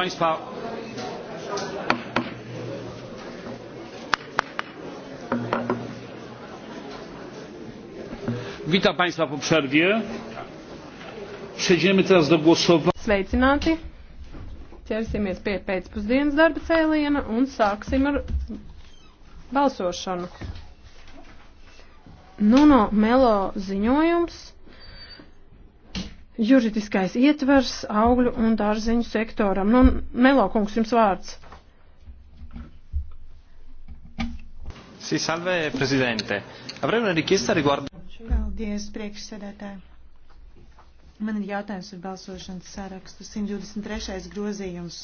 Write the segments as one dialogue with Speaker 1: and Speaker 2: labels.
Speaker 1: Państwa, witam Państwa po przerwie. Przejdziemy teraz do głosowania. Sveicināti!
Speaker 2: Ķersimies pie pēcpusdienas darba cēliena un sāksim ar balsošanu. Nuno Melo ziņojums juridiskais ietvers augļu un dārzeņu sektoram. Nu, Melokungs, jums vārds.
Speaker 1: Sì, salve Presidente. Avrei una richiesta riguardo.
Speaker 3: Paldies, priekšsēdētāji. Man ir jautājums par balsošanas sarakstu. 123. grozījums.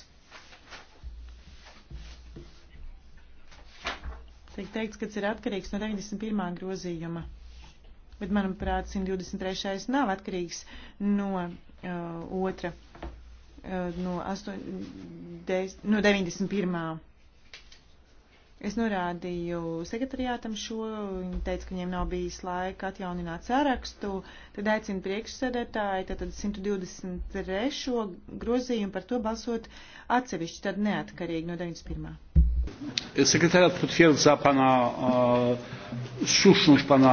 Speaker 3: Tiek teikts, ka tas ir atkarīgs no 91. grozījuma bet, manuprāt, 123. nav atkarīgs no uh, otra, uh, no, 8, 10, no 91. Es norādīju sekretariātam šo, viņi teica, ka viņiem nav bijis laika atjaunināt sarakstu, tad aicinu priekšsēdētāji, tad 123. grozījumu par to balsot atsevišķi, tad neatkarīgi no 91.
Speaker 1: Sekretariat potwierdza pana uh, słuszność pana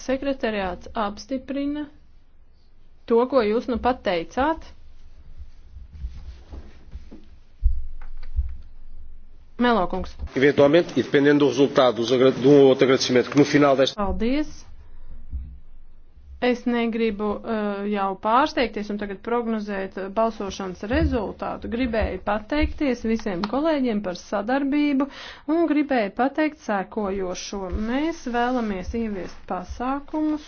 Speaker 2: Sekretariāts apstiprina to, ko jūs nu pat teicāt. Melokungs.
Speaker 1: Eventualmente, e dependendo do resultado de um ou outro agradecimento que no final desta. Paldies.
Speaker 2: Es negribu uh, jau pārsteigties un tagad prognozēt uh, balsošanas rezultātu. Gribēju pateikties visiem kolēģiem par sadarbību un gribēju pateikt sēkojošo. Mēs vēlamies ieviest pasākumus,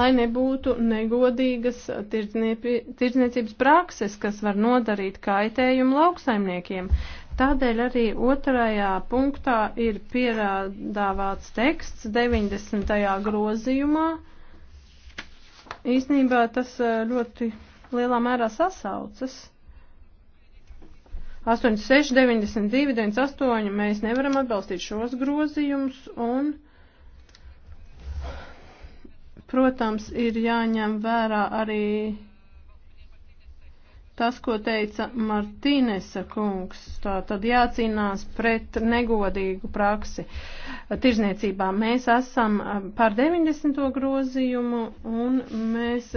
Speaker 2: lai nebūtu negodīgas tirdzniecības prakses, kas var nodarīt kaitējumu lauksaimniekiem. Tādēļ arī otrajā punktā ir pierādāvāts teksts 90. grozījumā. Īsnībā tas eh, ļoti lielā mērā sasaucas. 86, 92, 98 mēs nevaram atbalstīt šos grozījumus un, protams, ir jāņem vērā arī tas, ko teica Martīnesa kungs, tā tad jācīnās pret negodīgu praksi tirzniecībā. Mēs esam par 90. grozījumu un mēs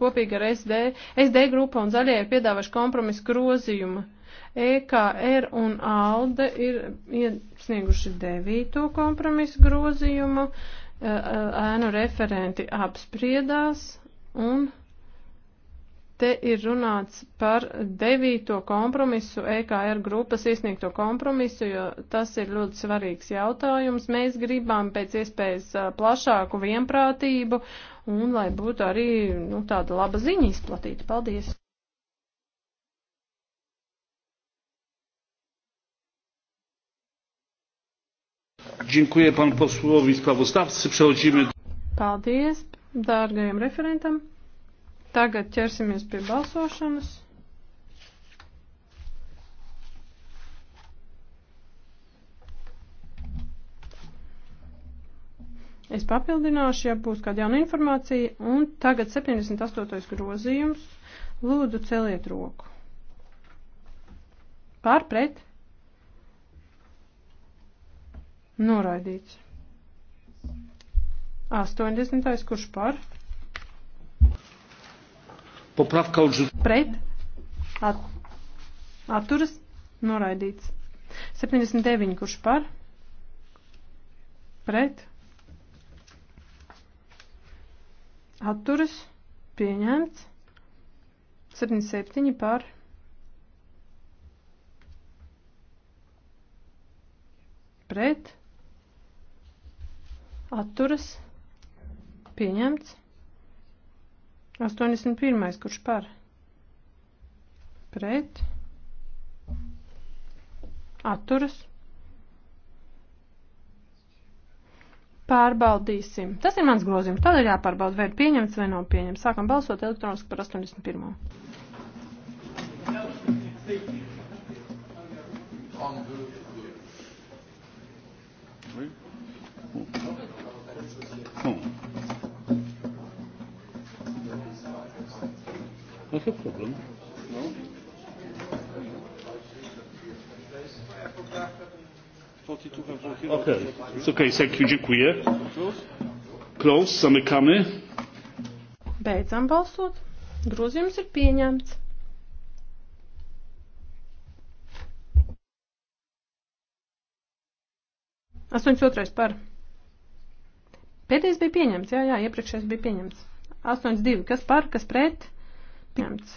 Speaker 2: kopīgi ar SD, SD grupa un zaļie ir piedāvaši kompromisu grozījumu. EKR un ALDE ir iesnieguši 9. kompromisu grozījumu, ēnu referenti apspriedās un te ir runāts par devīto kompromisu, EKR grupas iesniegto kompromisu, jo tas ir ļoti svarīgs jautājums. Mēs gribam pēc iespējas plašāku vienprātību un lai būtu arī nu, tāda laba ziņa izplatīta. Paldies!
Speaker 1: Dziękuję panu posłowi sprawozdawcy. Przechodzimy.
Speaker 2: Paldies, dārgajam referentam. Tagad ķersimies pie balsošanas. Es papildināšu, ja būs kāda jauna informācija. Un tagad 78. grozījums. Lūdzu, celiet roku. Pār pret. Noraidīts. 80. kurš par?
Speaker 1: Poprawka odrzucona.
Speaker 2: Pret. At, atturas. Noraidīts. 79. Kurš par? Pret. Atturas. Pieņemts. 77 par. Pret. Atturas. Pieņemts. 81. kurš par? Pret. Atturas. Pārbaudīsim. Tas ir mans grozījums. Tādēļ jāpārbauda, vai ir pieņemts vai nav pieņemts. Sākam balsot elektroniski par 81.
Speaker 1: geen probleem. Okej, okay. thank you, dziękuję. Close, zamykamy.
Speaker 2: Beidzam balsot. Grozījums ir pieņemts. Astoņas otrais par. Pēdējais bija pieņemts, jā, jā, iepriekšējais bija pieņemts. Astoņas divi, kas par, kas pret? Pieņemts.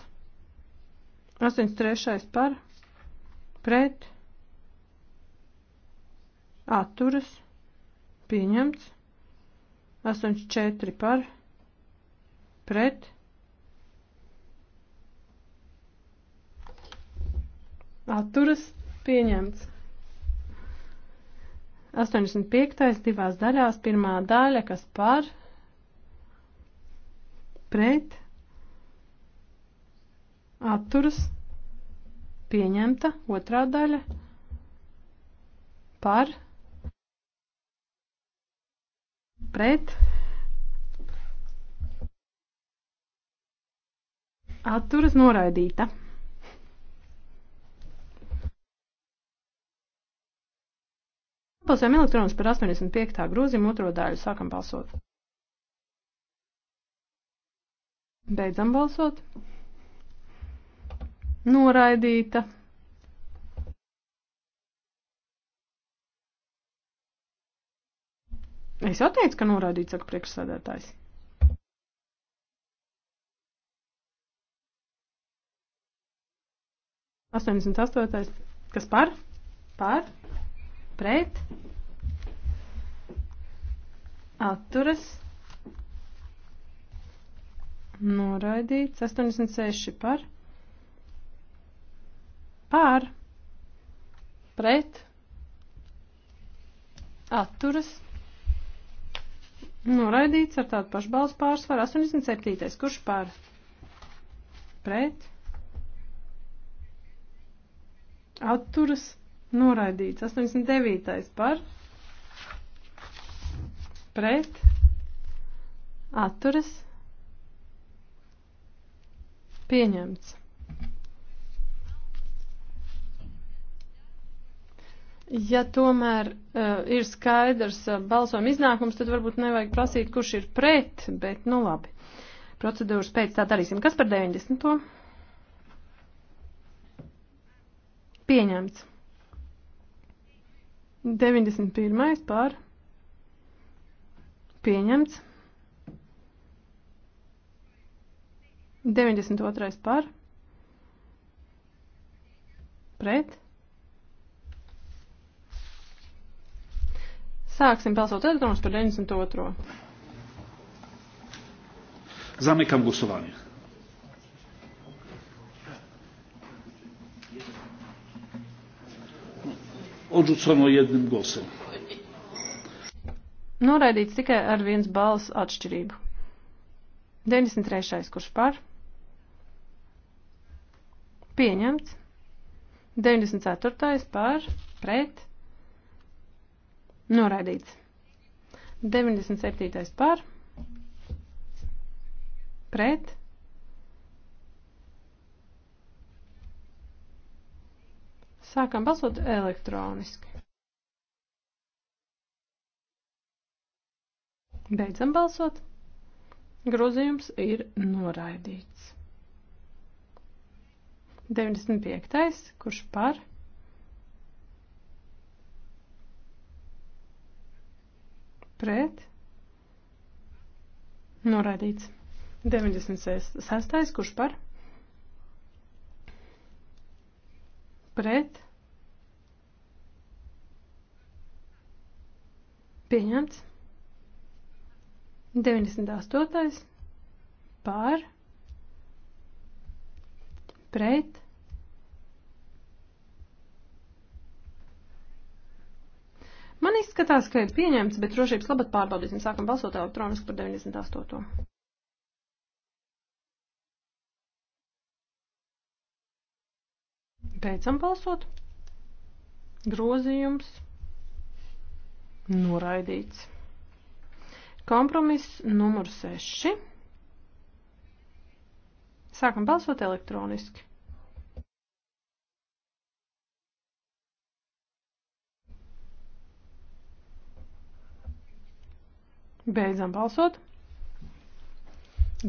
Speaker 2: 83. par pret atturas pieņemts. 84 par pret atturas pieņemts. 85. divās daļās pirmā daļa, kas par pret atturas atturas pieņemta otrā daļa par pret atturas noraidīta. Balsojam elektronus par 85. grozījumu otro daļu. Sākam balsot. Beidzam balsot noraidīta. Es jau teicu, ka noraidīts, saka priekšsēdētājs. Astoņdesmit astotais. Kas par? Par? Pret? Atturas? Noraidīts. Astoņdesmit seši par? Par. Pret. Atturas. Noraidīts ar tādu pašu balsu pārsvaru. 87. Kurš par? Pret. Atturas. Noraidīts. 89. par. Pret. Atturas. Pieņemts. Ja tomēr uh, ir skaidrs uh, balsojuma iznākums, tad varbūt nevajag prasīt, kurš ir pret, bet nu labi. Procedūras pēc tā darīsim. Kas par 90? To? Pieņemts. 91. pār. Pieņemts. 92. pār. Pret. Sāksim balsot elektroniski par 92.
Speaker 1: Zamykam głosowanie. Odrzucono jednym głosem.
Speaker 2: Noraidīts tikai ar viens balss atšķirību. 93. kurš par? Pieņemts. 94. par? Pret? Noraidīts. 97. par. Pret. Sākam balsot elektroniski. Beidzam balsot. Grozījums ir noraidīts. 95. kurš par. Pret Pret. Norādīts. 96. Kurš par? Pret. Pieņemts. 98. Pār. Pret. Man izskatās, ka ir pieņemts, bet drošības labad pārbaudīsim. Sākam balsot elektroniski par 98. Beidzam balsot. Grozījums noraidīts. Kompromiss numur 6. Sākam balsot elektroniski. Beidzam balsot.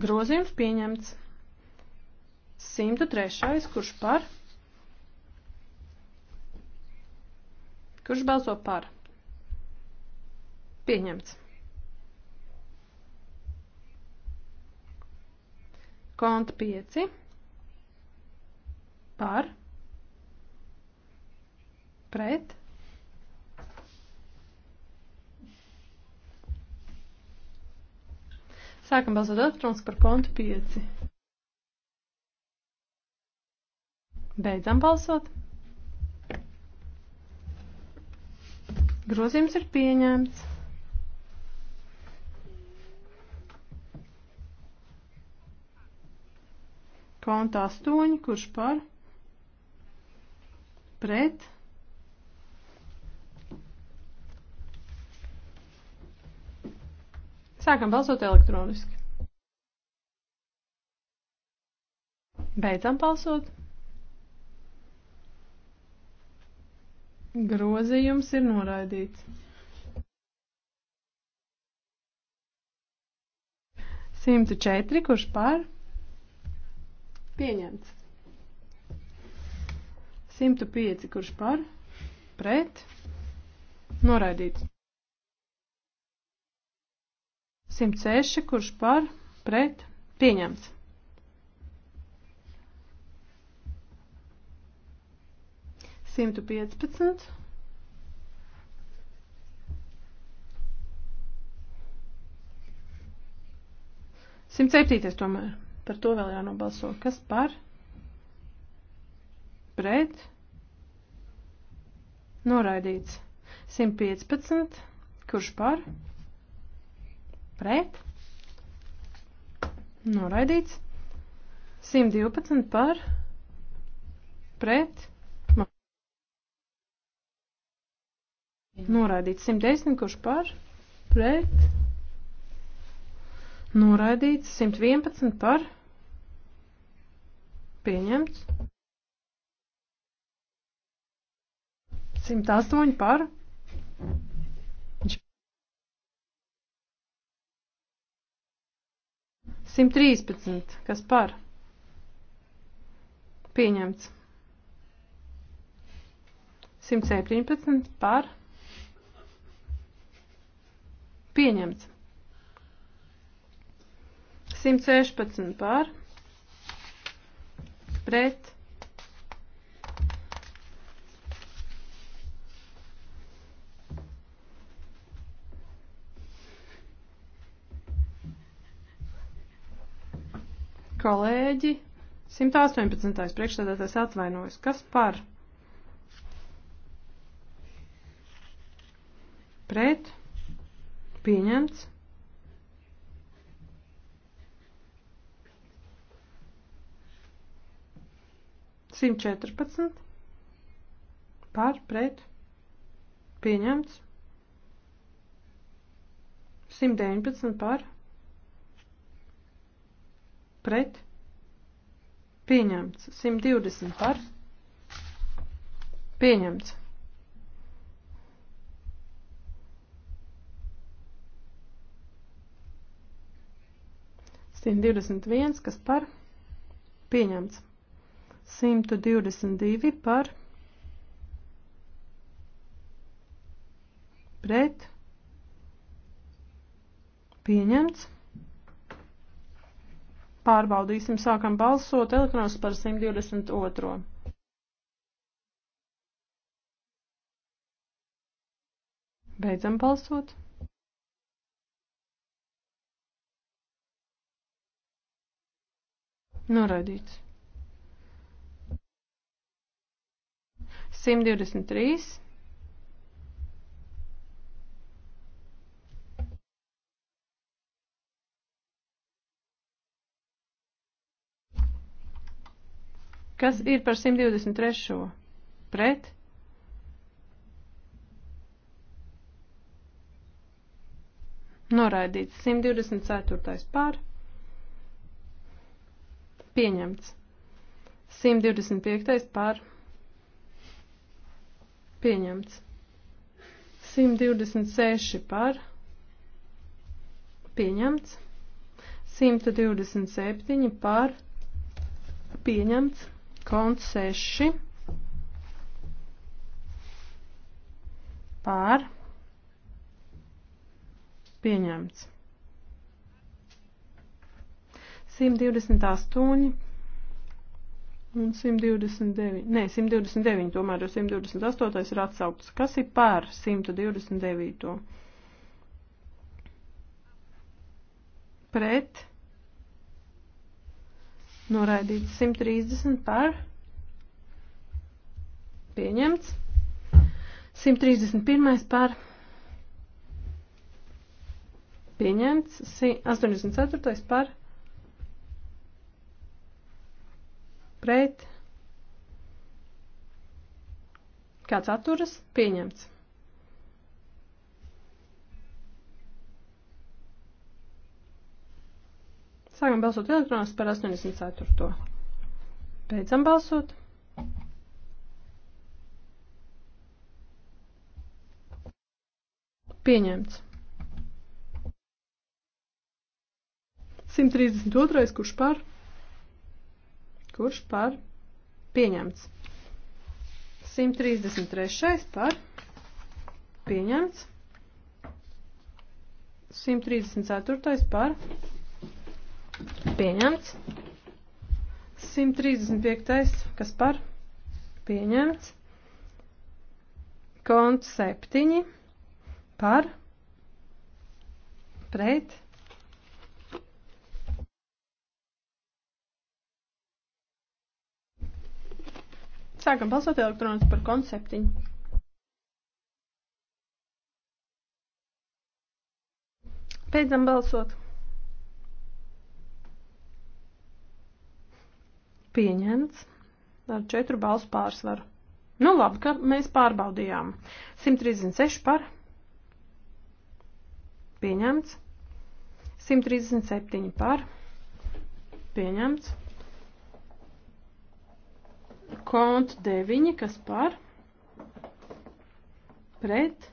Speaker 2: Grozījums pieņemts. 103. Kurš par? Kurš balso par? Pieņemts. Konta 5. Par. Pret. Sākam balsot elektroniski par kontu 5. Beidzam balsot. Grozījums ir pieņemts. Konta 8, kurš par pret Sākam balsot elektroniski. Beidzam balsot. Grozījums ir noraidīts. 104, kurš par? Pieņemts. 105, kurš par? Pret? Noraidīts. 106, kurš par, pret, pieņemts. Simtu piecpadsmit. Simt septītais tomēr. Par to vēl jānobalso. Kas par? Pret? Noraidīts. Simt piecpadsmit. Kurš par? Pret? pret, noraidīts, 112 par, pret, noraidīts, 110 kurš par, pret, noraidīts, 111 par, pieņemts, 108 par, pret, 113. Kas par? Pieņemts. 117. Par? Pieņemts. 116. Par? Pret? kolēģi, 118. priekšstādātais atvainojas. Kas par? Pret? Pieņemts? Simt četrpadsmit par, pret, pieņemts, 119 par, pret, pieņemts. 120 par, pieņemts. Simt divdesmit viens, kas par pieņemts. Simtu divdesmit divi par pret pieņemts. Pārbaudīsim, sākam balsot elektronos par 122. Beidzam balsot. Noraidīts. 123. Kas ir par 123. pret? Noraidīts 124. pār. Pieņemts. 125. pār. Pieņemts. 126 par. Pieņemts. 127 par. Pieņemts. Konts 6 pār pieņemts. 128 un 129. Nē, 129 tomēr, jo 128 ir atsauktas. Kas ir pār 129? Pret Noraidīts 130 par. Pieņemts. 131 par. Pieņemts. 84 par. Pret. Kāds atturas? Pieņemts. Sākam balsot elektroniski par 84. Beidzam balsot. Pieņemts. 132. Kurš par? Kurš par? Pieņemts. 133. par? Pieņemts. 134. par? Pieņemts. 135. Kas par? Pieņemts. Konts 7. Par? Pret? Sākam balsot elektroniski par konceptiņu. Beidzam balsot. Pieņemts ar četru balsu pārsvaru. Nu labi, ka mēs pārbaudījām. 136 par. Pieņemts. 137 par. Pieņemts. Kont 9, kas par. Pret.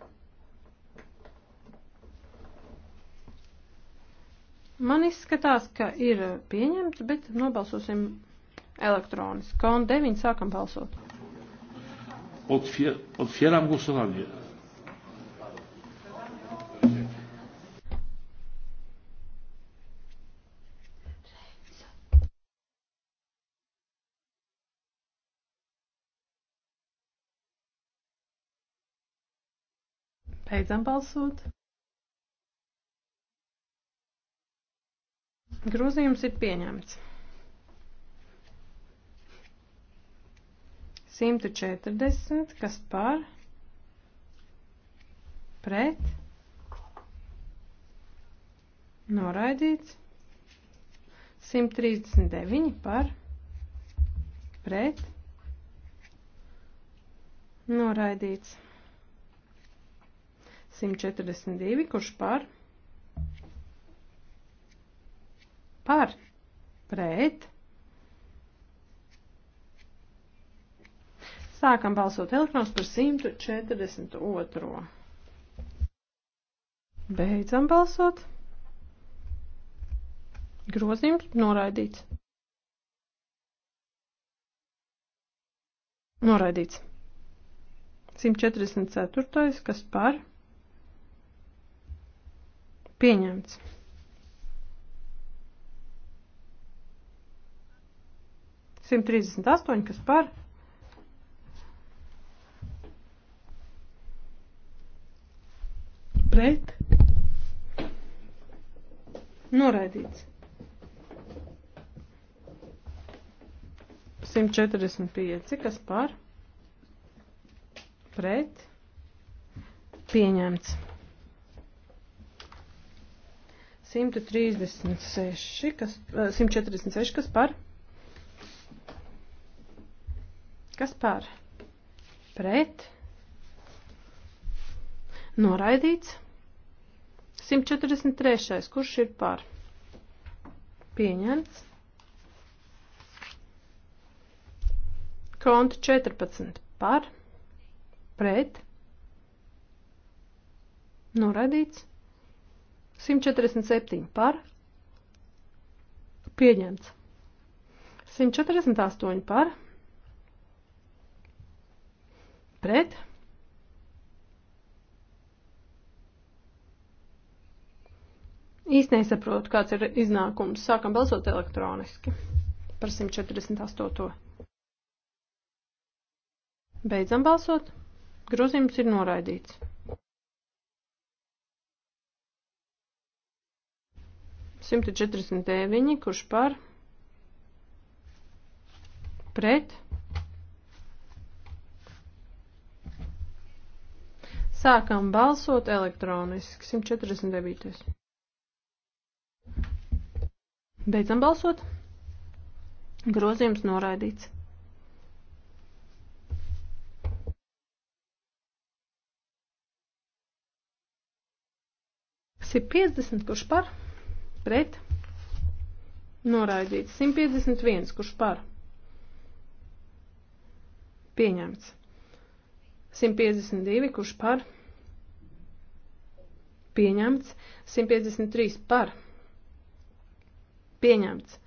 Speaker 2: Man izskatās, ka ir pieņemts, bet nobalsosim elektroniski. Kon 9 sākam balsot.
Speaker 1: Otvier, otvieram głosowanie.
Speaker 2: Beidzam balsot. Grūzījums ir pieņemts. 140, kas par, pret, noraidīts, 139 par, pret, noraidīts, 142, kurš par, par, pret, Sākam balsot elektrons par 142. Beidzam balsot. Grozījums noraidīts. Noraidīts. 144. kas par pieņemts. Simt trīsdesmit astoņi, kas par pret, noraidīts. 145, kas par, pret, pieņemts. 136, kas, 146, eh, kas par? Kas par? Pret? Noraidīts? 143. Kurš ir par? Pieņemts. Konta 14. Par. Pret. Noradīts. 147. Par. Pieņemts. 148 par. Pret. īsti nesaprotu, kāds ir iznākums. Sākam balsot elektroniski par 148. Beidzam balsot. Grozījums ir noraidīts. Simta četrdesmit deviņi, kurš par, pret, sākam balsot elektroniski, 149. Beidzam balsot. Grozījums noraidīts. Simt piecdesmit, kurš par? Pret. Noraidīts. Simt piecdesmit viens, kurš par? Pieņemts. 152, kurš par? Pieņemts. 153 par pieņemts.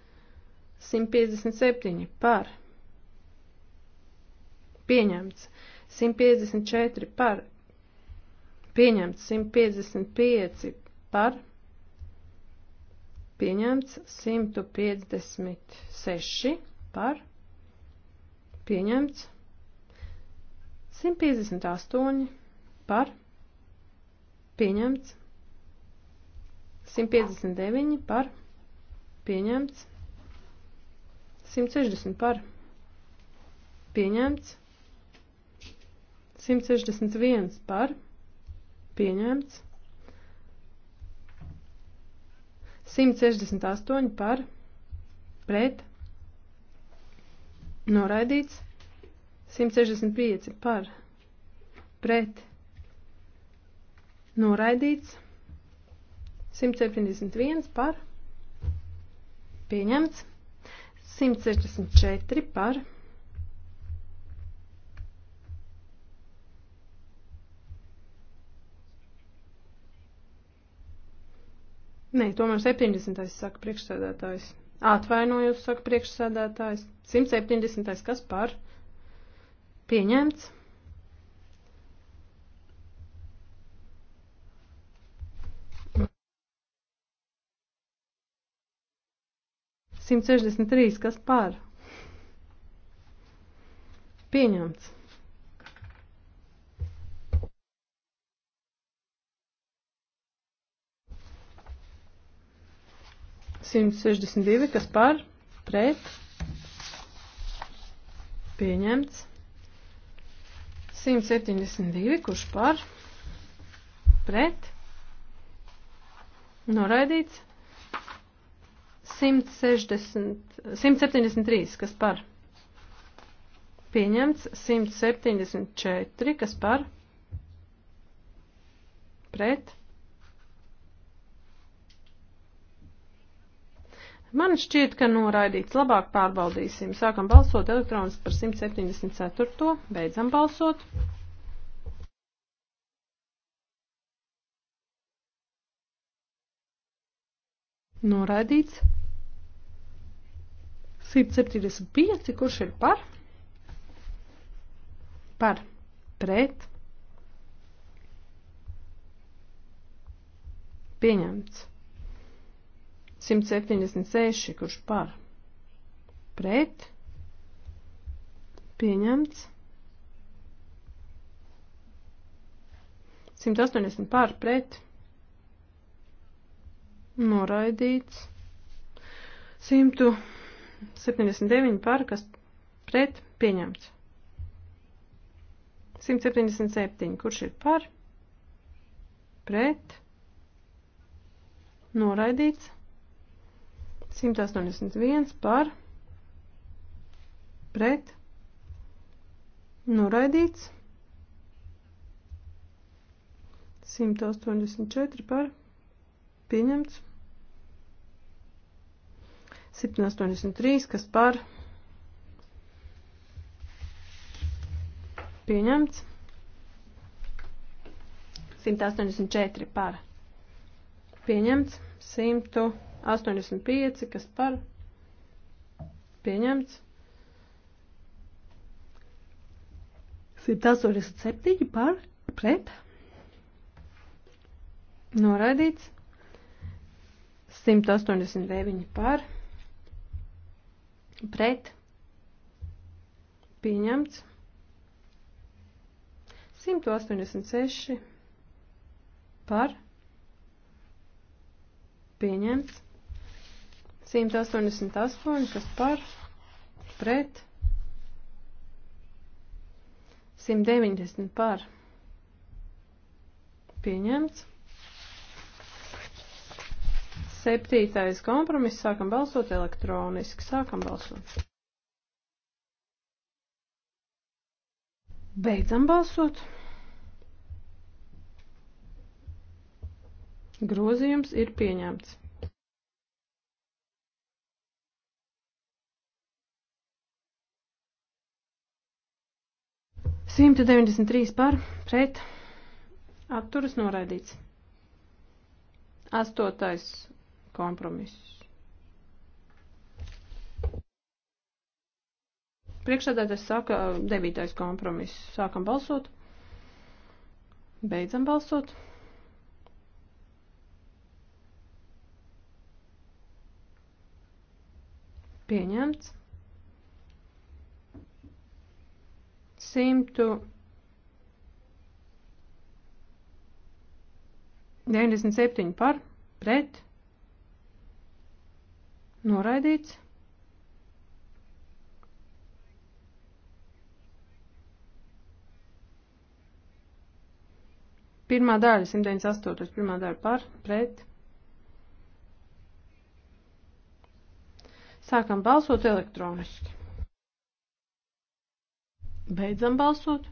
Speaker 2: 157 par pieņemts. 154 par pieņemts. 155 par pieņemts. 156 par pieņemts. 158 par pieņemts. 159 par pieņemts. Pieņemts. 160 par. Pieņemts. 161 par. Pieņemts. 168 par. Pret. Noraidīts. 165 par. Pret. Noraidīts. 171 par. Pret Pieņemts. 164 par. Nē, tomēr 70. saka priekšsēdētājs. Atvainojos, saka priekšsēdētājs. 170. kas par? Pieņemts. 163. Kas par? Pieņemts. Simt sešdesmit divi, kas par, pret, pieņemts. 172, kurš par, pret, noraidīts. 160, 173, kas par? Pieņemts 174, kas par? Pret? Man šķiet, ka noraidīts. Labāk pārbaudīsim. Sākam balsot elektroniski par 174. Beidzam balsot. Noraidīts. 175, kurš ir par? Par, pret. Pieņemts. 176, kurš par? Pret. Pieņemts. 180 par, pret. Noraidīts. 100. 79 par, kas pret pieņemts. 177, kurš ir par, pret, noraidīts. 181 par, pret, noraidīts. 184 par, pieņemts. 783, kas par pieņemts. 184 par pieņemts. 185, kas par pieņemts. 187 par pret. Noraidīts. 189 par pret pret pieņemts 186 par pieņemts 188, kas par pret 190 par pieņemts Septītais kompromiss. Sākam balsot elektroniski. Sākam balsot. Beidzam balsot. Grozījums ir pieņemts. Simta deviņdesmit trīs par, pret, atturas noraidīts. Astotais kompromisus. Priekšsēdētājs saka devītais kompromiss. Sākam balsot. Beidzam balsot. Pieņemts. 197 par, pret, Noraidīts. Pirmā daļa, 198. pirmā daļa par, pret. Sākam balsot elektroniski. Beidzam balsot.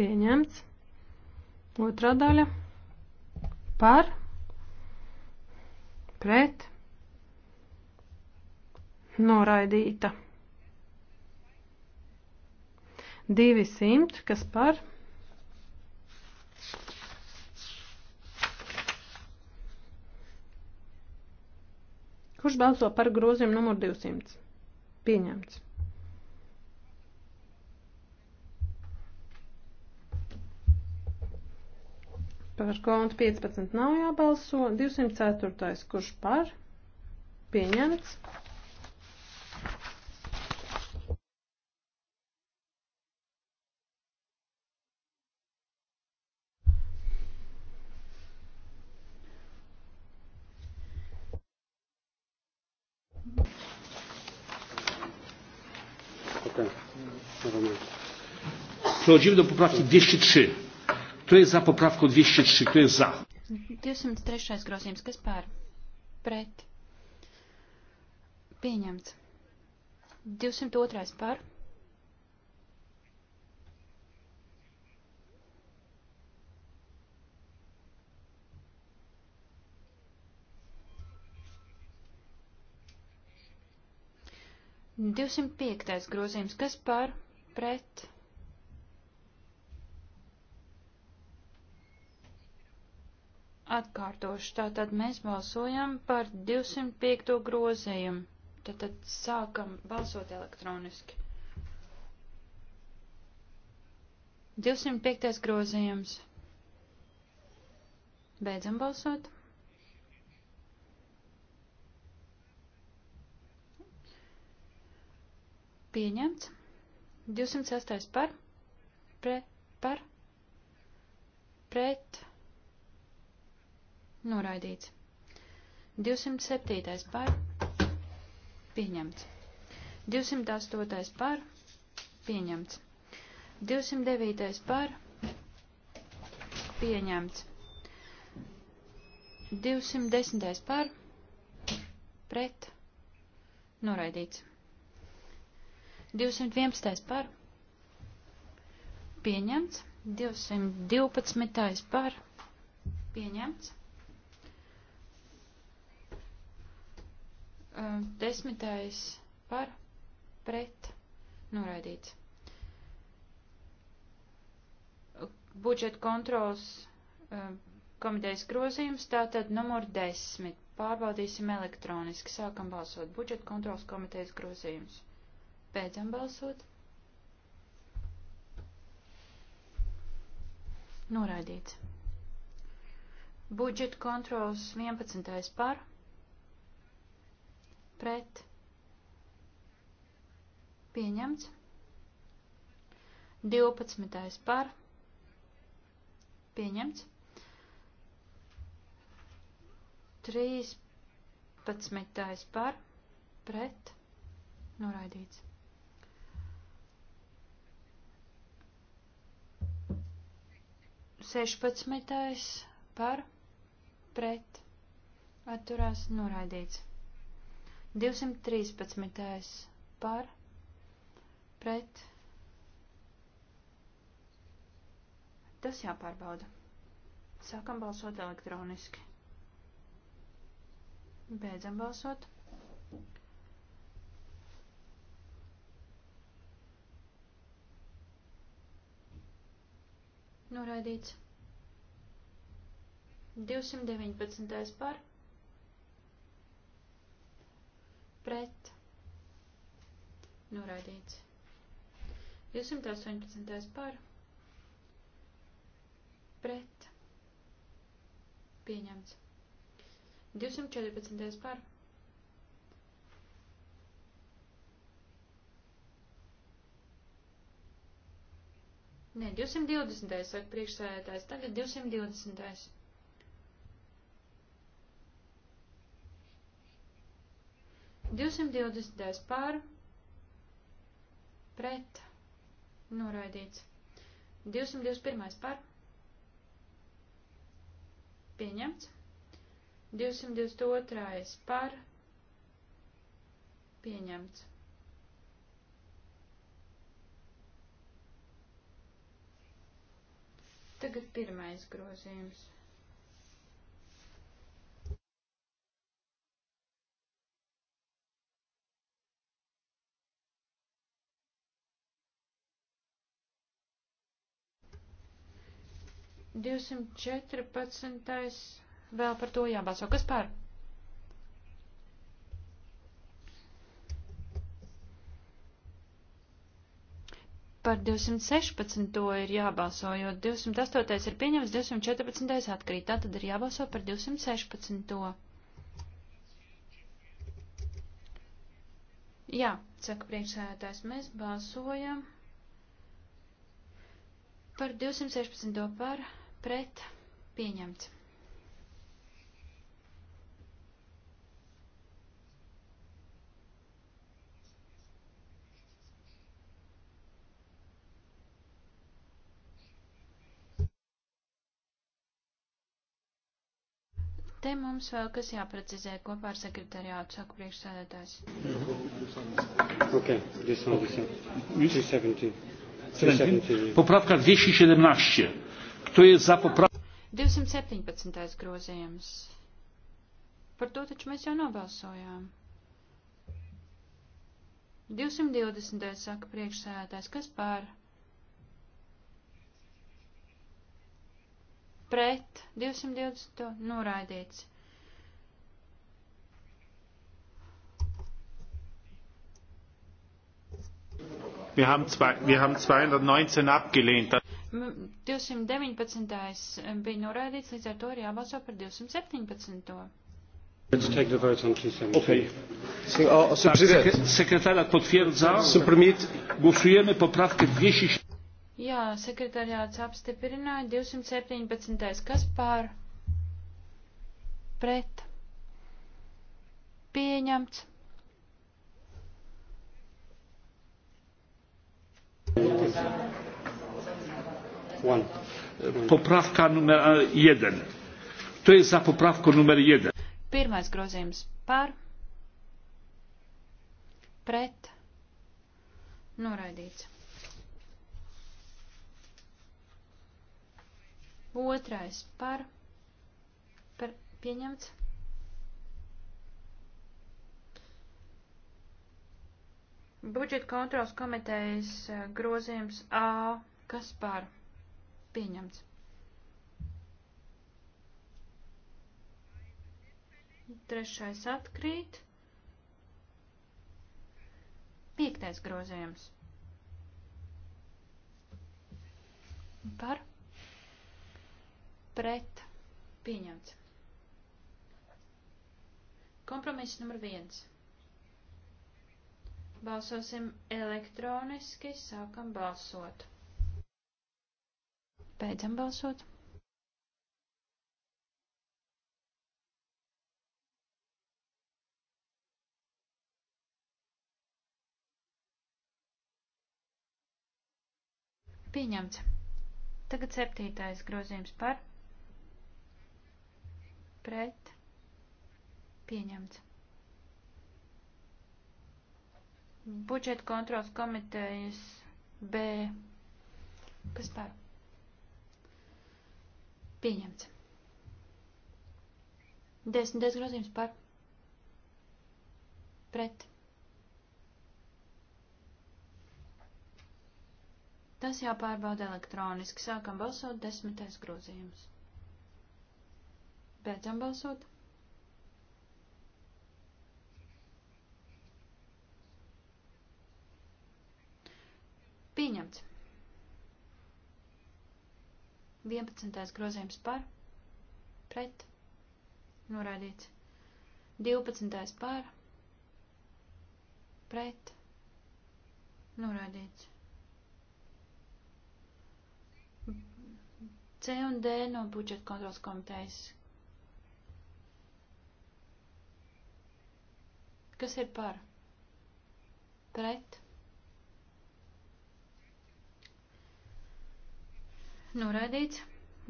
Speaker 2: Pieņemts. Otrā daļa par, pret, noraidīta. 200, kas par, kurš balso par grozījumu numur 200. Pieņemts. Par kontu 15 nav jābalso. 204. Kurš par? Pieņemts.
Speaker 1: Przechodzimy do poprawki 203. Kto jest za poprawką 203? Kto jest za?
Speaker 4: 203. grozījums. Kas pār? Pret. Pieņemts. 202. pār. Divsimt piektais grozījums. Kas pār? Pret. Atkārtošu, tātad mēs balsojam par 205. grozījumu. Tātad sākam balsot elektroniski. 205. grozījums. Beidzam balsot. Pieņemts. 206. par. Pre, par. Pret Noraidīts. 207. par. Pieņemts. 208. par. Pieņemts. 209. par. Pieņemts. 210. par. Pret. Noraidīts. 211. par. Pieņemts. 212. par. Pieņemts. Desmitais par pret noraidīts. Budžeta kontrols komitejas grozījums, tātad numur desmit. Pārbaudīsim elektroniski. Sākam balsot. Budžeta kontrols komitejas grozījums. Beidzam balsot. Noraidīts. Budžeta kontrols 11. par pret pieņemts. 12. par pieņemts. 13. par pret noraidīts. Sešpadsmitais par pret atturās noraidīts. 213. par pret. Tas jāpārbauda. Sākam balsot elektroniski. Beidzam balsot. Noraidīts. 219. par pret noraidīts. 218. par pret pieņemts. 214. par Nē, 220. saka priekšsēdētājs, tagad 220. 220. pār pret noraidīts. 221. pār pieņemts. 222. par pieņemts. Tagad pirmais grozījums. 214. Vēl par to jābalso. Kas par? Par 216. ir jābalso, jo 208. ir pieņems, 214. atkrīt. Tā tad ir jābalso par 216. Jā, saka priekšsēdētājs, mēs balsojam par 216. par pret pieņemts. Te mums vēl kas jāprecizē kopā ar sekretariātu, saka priekšsēdētājs.
Speaker 1: Okay. Poprawka 217. Kto je za poprawką?
Speaker 4: 217. grozījums. Par to taču mēs jau nobalsojām. 220. saka priekšsēdētājs. Kas par? Pret 220. noraidīts.
Speaker 1: Wir haben, zwei, wir haben 219 abgelehnt.
Speaker 4: 219. bija noraidīts, līdz ar to ir jābalso par 217.
Speaker 1: Okay. Sekretariat potwierdza. Głosujemy poprawkę 200.
Speaker 4: Jā, sekretariāts apstiprināja 217. Kas pār? Pret. Pieņemts.
Speaker 1: Thank you. Poprawka numer 1. E, Kto jest za poprawką numer 1?
Speaker 4: Pirmais grozījums par, pret, noraidīts. Otrais par, par pieņemts. Budžeta kontrols komitejas e, grozījums A. Kas par? Pieņemts. Trešais atkrīt. Piektais grozījums. Par. Pret. Pieņemts. Kompromiss numur viens. Balsosim elektroniski, sākam balsot. Beidzam balsot. Pieņemts. Tagad septītais grozījums par pret pieņemts. Budžeta kontrols komitejas B. Kas par? Pieņemts. Desmitais grozījums par pret. Tas jāpārbauda elektroniski. Sākam balsot desmitais grozījums. Beidzam balsot. Pieņemts. 11. grozījums par, pret, norādīts. 12. par, pret, norādīts. C un D no budžeta kontrols komitejas. Kas ir par? Pret. noraidīts,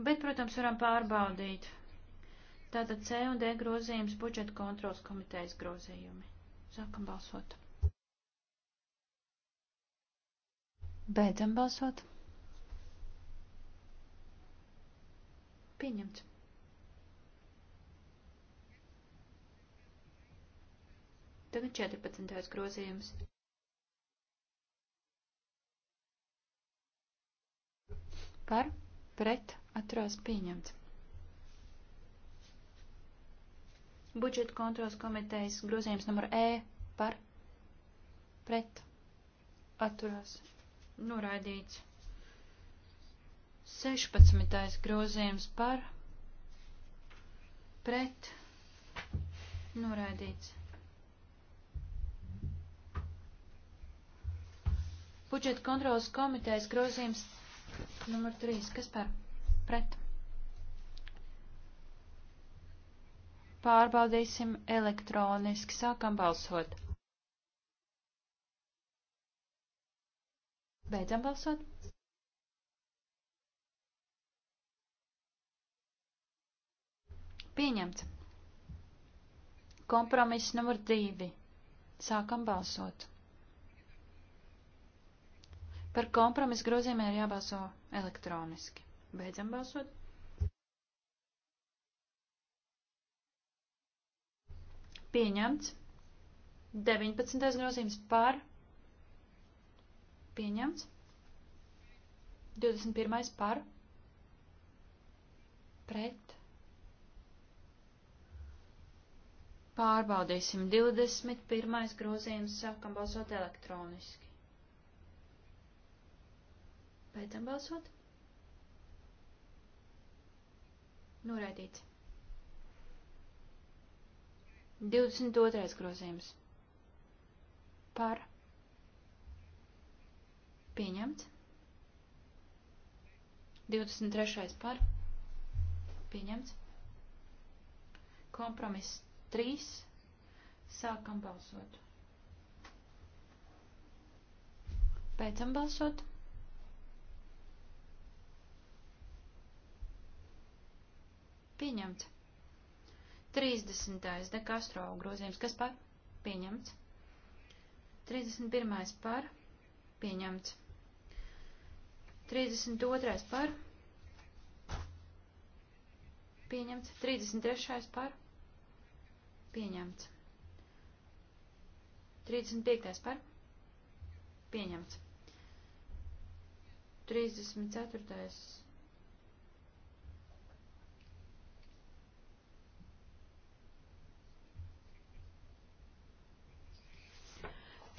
Speaker 4: bet, protams, varam pārbaudīt. Tātad C un D grozījums budžeta kontrols komitejas grozījumi. Sākam balsot. Beidzam balsot. Pieņemts. Tagad 14. grozījums. par pret atturās pieņemts. Budžeta kontrols komitejas grozījums numur E par pret atturās noraidīts. 16. grozījums par pret noraidīts. Budžeta kontrolas komitejas grozījums Numur 3. Kas par? Pret. Pārbaudīsim elektroniski. Sākam balsot. Beidzam balsot. Pieņemts. Kompromiss numur divi. Sākam balsot. Par kompromisu grozījumiem ir jābalso elektroniski. Beidzam balsot. Pieņemts. 19. grozījums par. Pieņemts. 21. par. Pret. Pārbaudīsim. 21. grozījums sākam balsot elektroniski. Beidzam balsot. Noraidīts. 22. grozījums. Par. Pieņemts. 23. par. Pieņemts. Kompromiss 3. Sākam balsot. Beidzam balsot. Pieņemts. 30. De Castro grozījums. Kas par? Pieņemts. 31. par? Pieņemts. 32. par? Pieņemts. 33. par? Pieņemts. 35. par? Pieņemts. 34.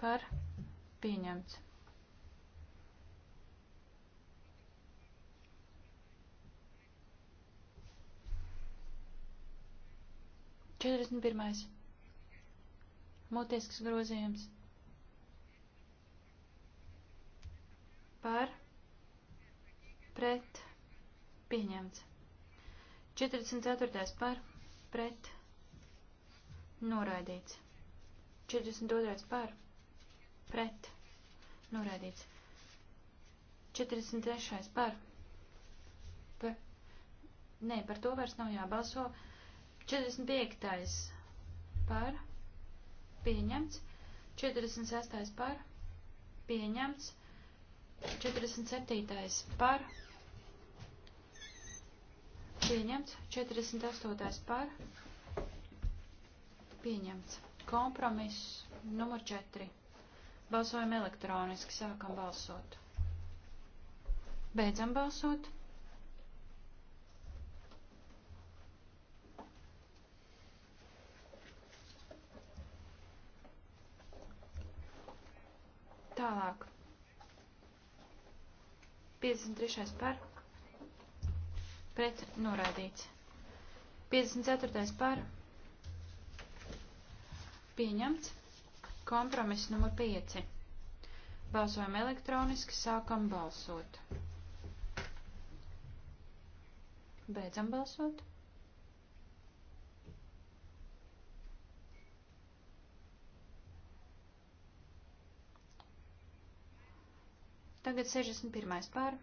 Speaker 4: par pieņemts. Četrdesmit pirmais. Mūtieskas grozījums. Par. Pret. Pieņemts. 44. par. Pret. Noraidīts. 42. par pret, norādīts. 43. par, par, nē, par to vairs nav jābalso. 45. par, pieņemts. 46. par, pieņemts. 47. par, pieņemts. 48. par, pieņemts. Kompromiss numur 4. Balsojam elektroniski, sākam balsot. Beidzam balsot. Tālāk. 53. par. Pret noraidīts. 54. par. Pieņemts. Kompromiss numur 5. Balsojam elektroniski, sākam balsot. Beidzam balsot. Tagad 61. pār.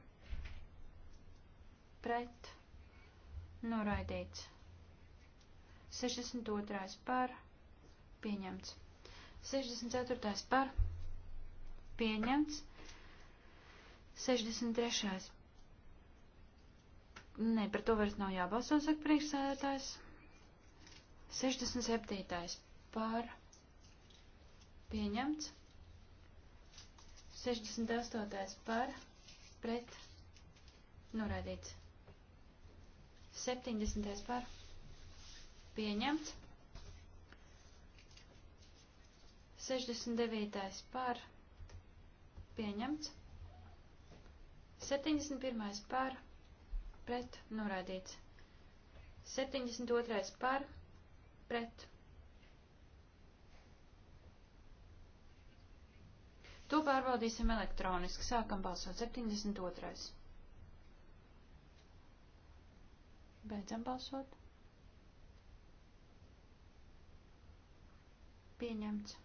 Speaker 4: Pret. Noraidīts. 62. pār. Pieņemts. 64. par pieņemts. 63. Nē, par to vairs nav jābalso, saka priekšsēdētājs. 67. par pieņemts. 68. par pret norādīts. 70. par pieņemts. 69. par pieņemts. 71. par pret norādīts. 72. par pret. To pārbaudīsim elektroniski. Sākam balsot 72. Beidzam balsot. Pieņemts.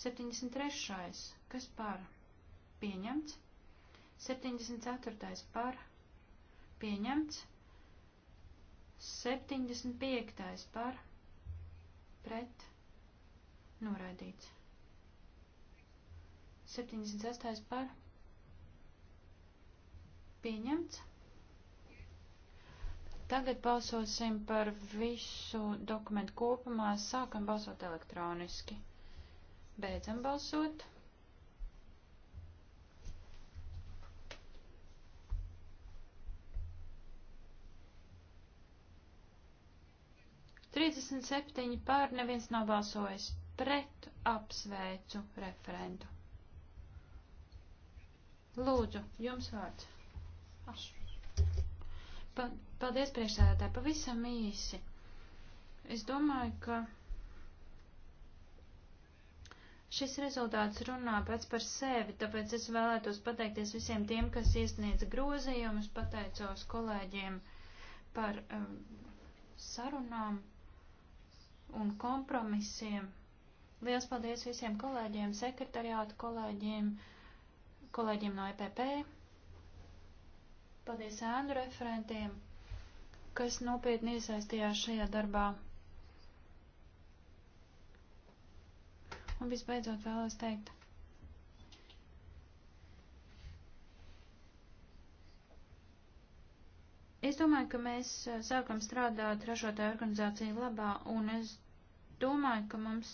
Speaker 4: 73. Kas par? Pieņemts. 74. par? Pieņemts. 75. par? Pret. Noraidīts. 76. par? Pieņemts. Tagad balsosim par visu dokumentu kopumā. Sākam balsot elektroniski. Beidzam balsot. Trīsdesmit septiņi pār neviens nav balsojis. Pret apsveicu referentu. Lūdzu, jums vārds. Aš. Pa, paldies priekšsēdētāji, pavisam īsi. Es domāju, ka Šis rezultāts runā pats par sevi, tāpēc es vēlētos pateikties visiem tiem, kas iesniedz grozījumus, pateicos kolēģiem par um, sarunām un kompromisiem. Liels paldies visiem kolēģiem, sekretariātu kolēģiem, kolēģiem no EPP. Paldies ēnu referentiem, kas nopietni iesaistījās šajā darbā. Un visbeidzot vēlos teikt. Es domāju, ka mēs eh, sākam strādāt ražotāju organizāciju labā, un es domāju, ka mums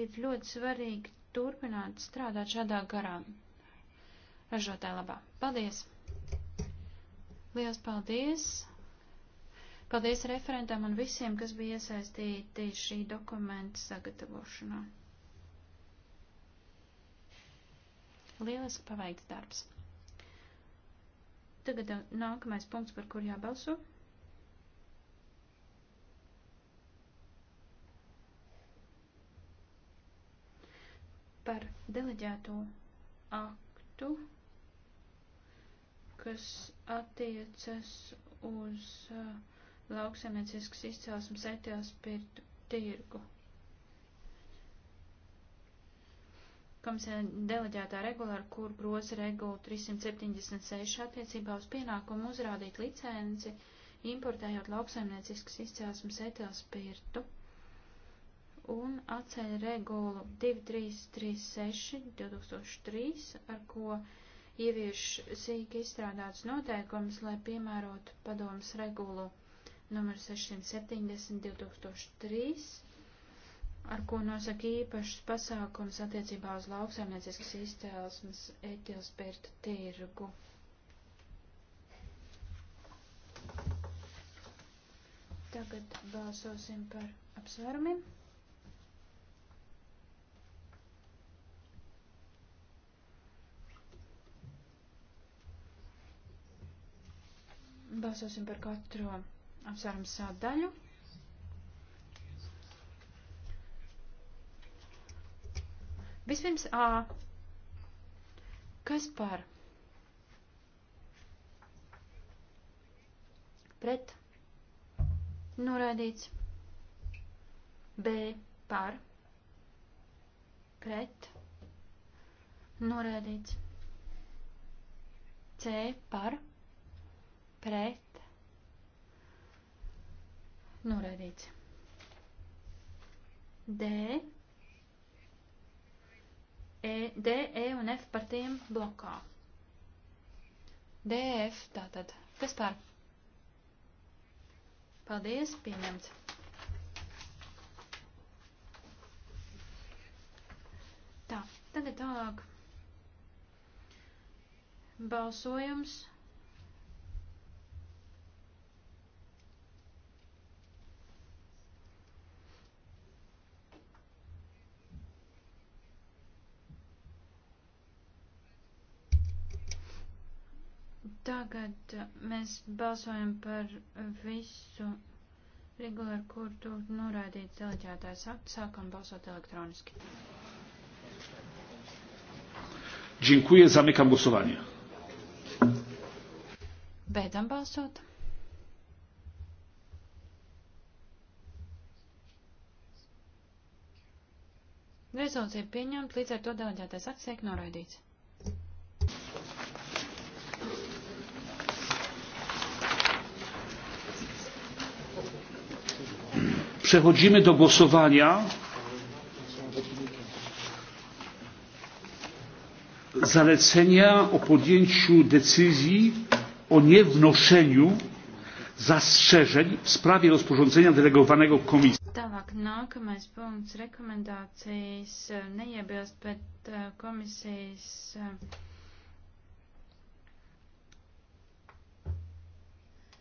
Speaker 4: ir ļoti svarīgi turpināt strādāt šādā garā ražotāju labā. Paldies! Liels paldies! Paldies referentam un visiem, kas bija iesaistīti šī dokumenta sagatavošanā. Lieliski paveikts darbs. Tagad nākamais punkts, par kur jābalso. Par deleģēto aktu, kas attiecas uz uh, lauksaimnieciskas izcelsmes etiās pirtu tirgu. Komisija deleģētā regulāra, kur groza regula 376 attiecībā uz pienākumu uzrādīt licenci, importējot lauksaimnieciskas izcelsmes etiās pirtu un atceļ regulu 2336 2003, ar ko ievieš sīki izstrādāts noteikums, lai piemērotu padomas regulu numur 670 2003, ar ko nosaka īpašs pasākums attiecībā uz lauksaimnieciskas izcēlesmes eķilspērta tirgu. Tagad balsosim par apsvērumiem. Balsosim par katru apsvērums sādaļu. Vispirms A. Kas par? Pret. Norādīts. B. Par. Pret. Norādīts. C. Par. Pret Noraidīts. D. E, D, E un F par tiem blokā. D, F tātad. Kas par? Paldies, pieņemts. Tā, tagad tālāk. Balsojums Tagad eh, mēs balsojam par visu regulu, ar kur tu norādīts deleģētājs akts. Sākam balsot elektroniski.
Speaker 1: Dziękuję, zamykam głosowanie.
Speaker 4: Beidzam balsot. Rezolūcija pieņemta, līdz ar to deleģētais akts tiek noraidīts.
Speaker 1: przechodzimy do głosowania. zalecenia o podjęciu decyzji o niewnoszeniu zastrzeżeń w sprawie rozporządzenia delegowanego komisji.
Speaker 4: Tālāk nākamais punkts - rekomendācijas neiebilst pret eh, komisijas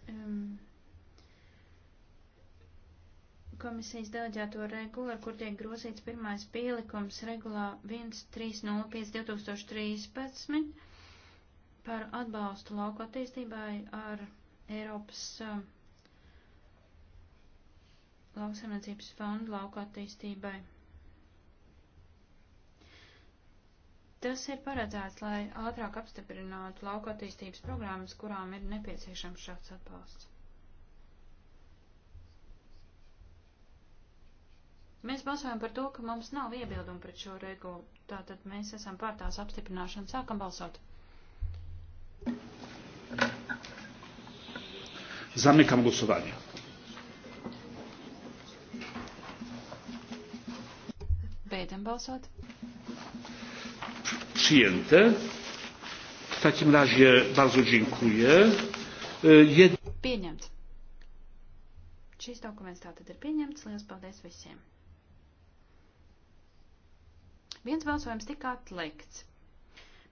Speaker 4: um, komisijas deleģēto regulu, ar kur tiek grozīts pirmais pielikums regulā 1305-2013 par atbalstu lauku attīstībai ar Eiropas uh, lauksaimniecības fondu lauku attīstībai. Tas ir paredzēts, lai ātrāk apstiprinātu lauku attīstības programmas, kurām ir nepieciešams šāds atbalsts. Mēs balsojam par to, ka mums nav iebildumi pret šo regulu. Tātad mēs esam pār tās apstiprināšanu. Sākam balsot.
Speaker 1: Zamykam głosowanie.
Speaker 4: Beidzam balsot.
Speaker 1: Przyjęte. W takim razie bardzo dziękuję. Jed...
Speaker 4: Pieņemts. Šis dokuments tātad ir pieņemts. Lielas paldies visiem. Viens balsojums tika atlikts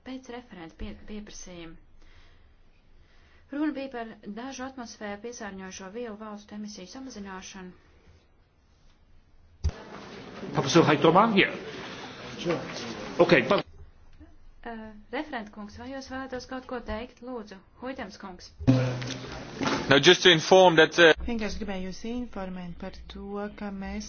Speaker 4: pēc referenta pie, pieprasījuma. Runa bija par dažu atmosfēru piesārņojošo vielu valstu emisiju samazināšanu.
Speaker 1: Profesor Haitomān, jā. Ok. Uh,
Speaker 4: eh, referent kungs, vai jūs vēlētos kaut ko teikt? Lūdzu, Huitams kungs.
Speaker 1: Uh. No, that, uh...
Speaker 3: Vienkārši gribēju jūs informēt par to, ka mēs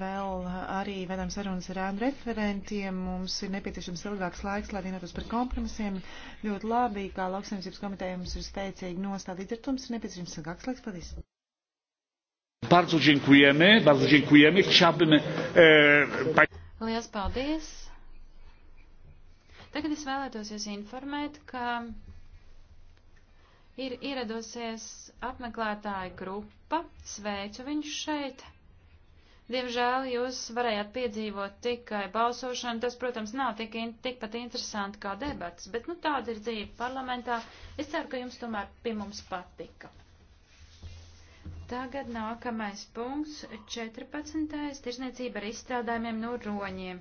Speaker 3: vēl arī vedam sarunas ar ādu referentiem. Mums ir nepieciešams ilgāks laiks, lai vienotos par kompromisiem. Ļoti labi, kā lauksaimniecības komiteja mums ir spēcīgi nostāda līdz ar to mums ir nepieciešams ilgāks laiks. Paldies!
Speaker 1: Bardzo dziękujemy, bardzo dziękujemy. Chciałbym... E,
Speaker 3: Lielas
Speaker 4: paldies! Tagad es vēlētos jūs informēt, ka ir ieradusies apmeklētāja grupa. Sveicu viņus šeit. Diemžēl jūs varējāt piedzīvot tikai balsošanu. Tas, protams, nav tik, in, tik pat interesanti kā debats, bet nu tāda ir dzīve parlamentā. Es ceru, ka jums tomēr pie mums patika. Tagad nākamais punkts - 14. tirsniecība ar izstrādājumiem no roņiem.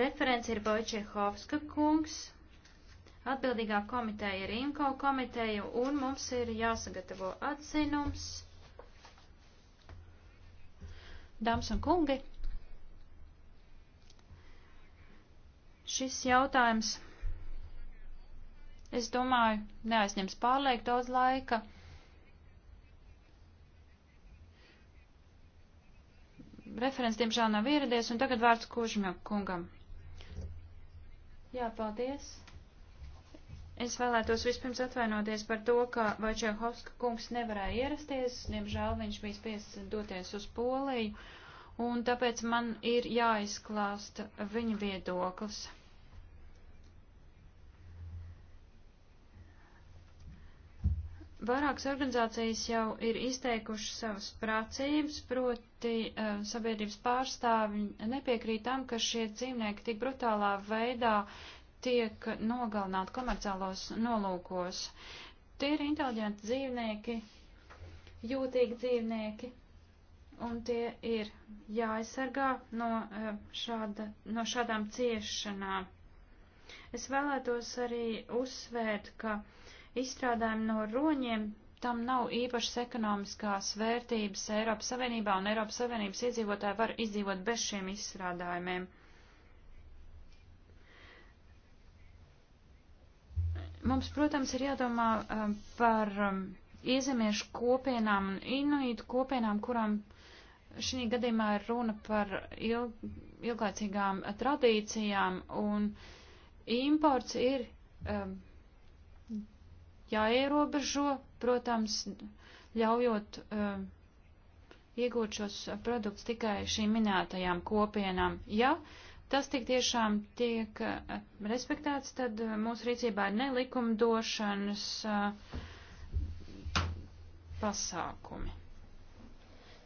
Speaker 4: Referents ir Vojčehovska kungs, Atbildīgā komiteja ir IMCO komiteja, un mums ir jāsagatavo atzinums. Dāmas un kungi, šis jautājums, es domāju, neaizņems pārliek daudz laika. Referents, diemžēl, nav ieradies, un tagad vārds Kužmjok kungam. Jā, paldies. Es vēlētos vispirms atvainoties par to, ka Vačehovska kungs nevarēja ierasties, diemžēl viņš bija spiests doties uz Poliju, un tāpēc man ir jāizklāsta viņa viedoklis. Vairākas organizācijas jau ir izteikušas savas prācības, proti uh, sabiedrības pārstāvi nepiekrīt tam, ka šie dzīvnieki tik brutālā veidā tiek nogalināti komerciālos nolūkos. Tie ir inteliģenti dzīvnieki, jūtīgi dzīvnieki, un tie ir jāaizsargā no, eh, šāda, no šādām ciešanām. Es vēlētos arī uzsvērt, ka izstrādājumi no roņiem tam nav īpašas ekonomiskās vērtības Eiropas Savienībā, un Eiropas Savienības iedzīvotāji var izdzīvot bez šiem izstrādājumiem. Mums, protams, ir jādomā um, par um, iezemiešu kopienām un inuītu kopienām, kurām šī gadījumā ir runa par ilg, ilglaicīgām tradīcijām, un imports ir um, jāierobežo, protams, ļaujot um, iegūt šos produktus tikai šīm minētajām kopienām. Ja? Uh, tas tik tiešām tiek eh, respektēts, tad eh, mūsu rīcībā ir nelikumdošanas eh, pasākumi.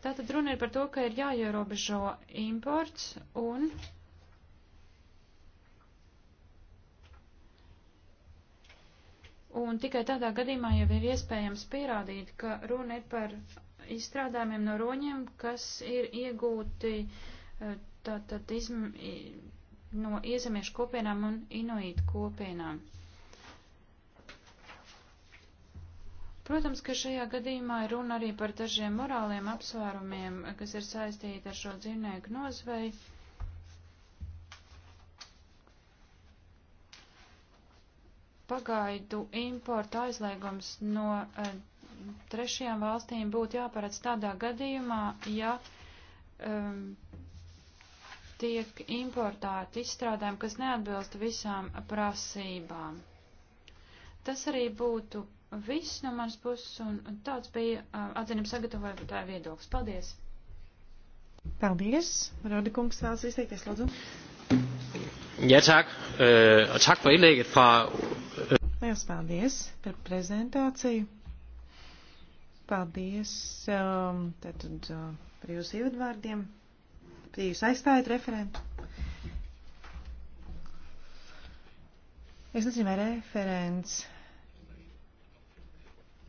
Speaker 4: Tātad runa ir par to, ka ir jāierobežo imports un Un tikai tādā gadījumā jau ir iespējams pierādīt, ka runa ir par izstrādājumiem no roņiem, kas ir iegūti uh, tātad izm, no iezemiešu kopienām un inuītu kopienām. Protams, ka šajā gadījumā ir runa arī par dažiem morāliem apsvērumiem, kas ir saistīti ar šo dzīvnieku nozveju. Pagaidu importa aizliegums no uh, trešajām valstīm būtu jāparedz tādā gadījumā, ja um, tiek importēti izstrādājumi, kas neatbilst visām prasībām. Tas arī būtu viss no manas puses, un tāds bija atzinuma sagatavotāja viedoklis. Paldies!
Speaker 3: Paldies! Rodikungs vēlas izteikties, lūdzu.
Speaker 1: Ja, tak. Uh, tak par indlægget fra... Uh... E.
Speaker 3: Liels paldies par prezentāciju. Paldies um, tātad, uh, par jūsu ievadvārdiem jūs aizstājat referentu? Es nezinu, vai referents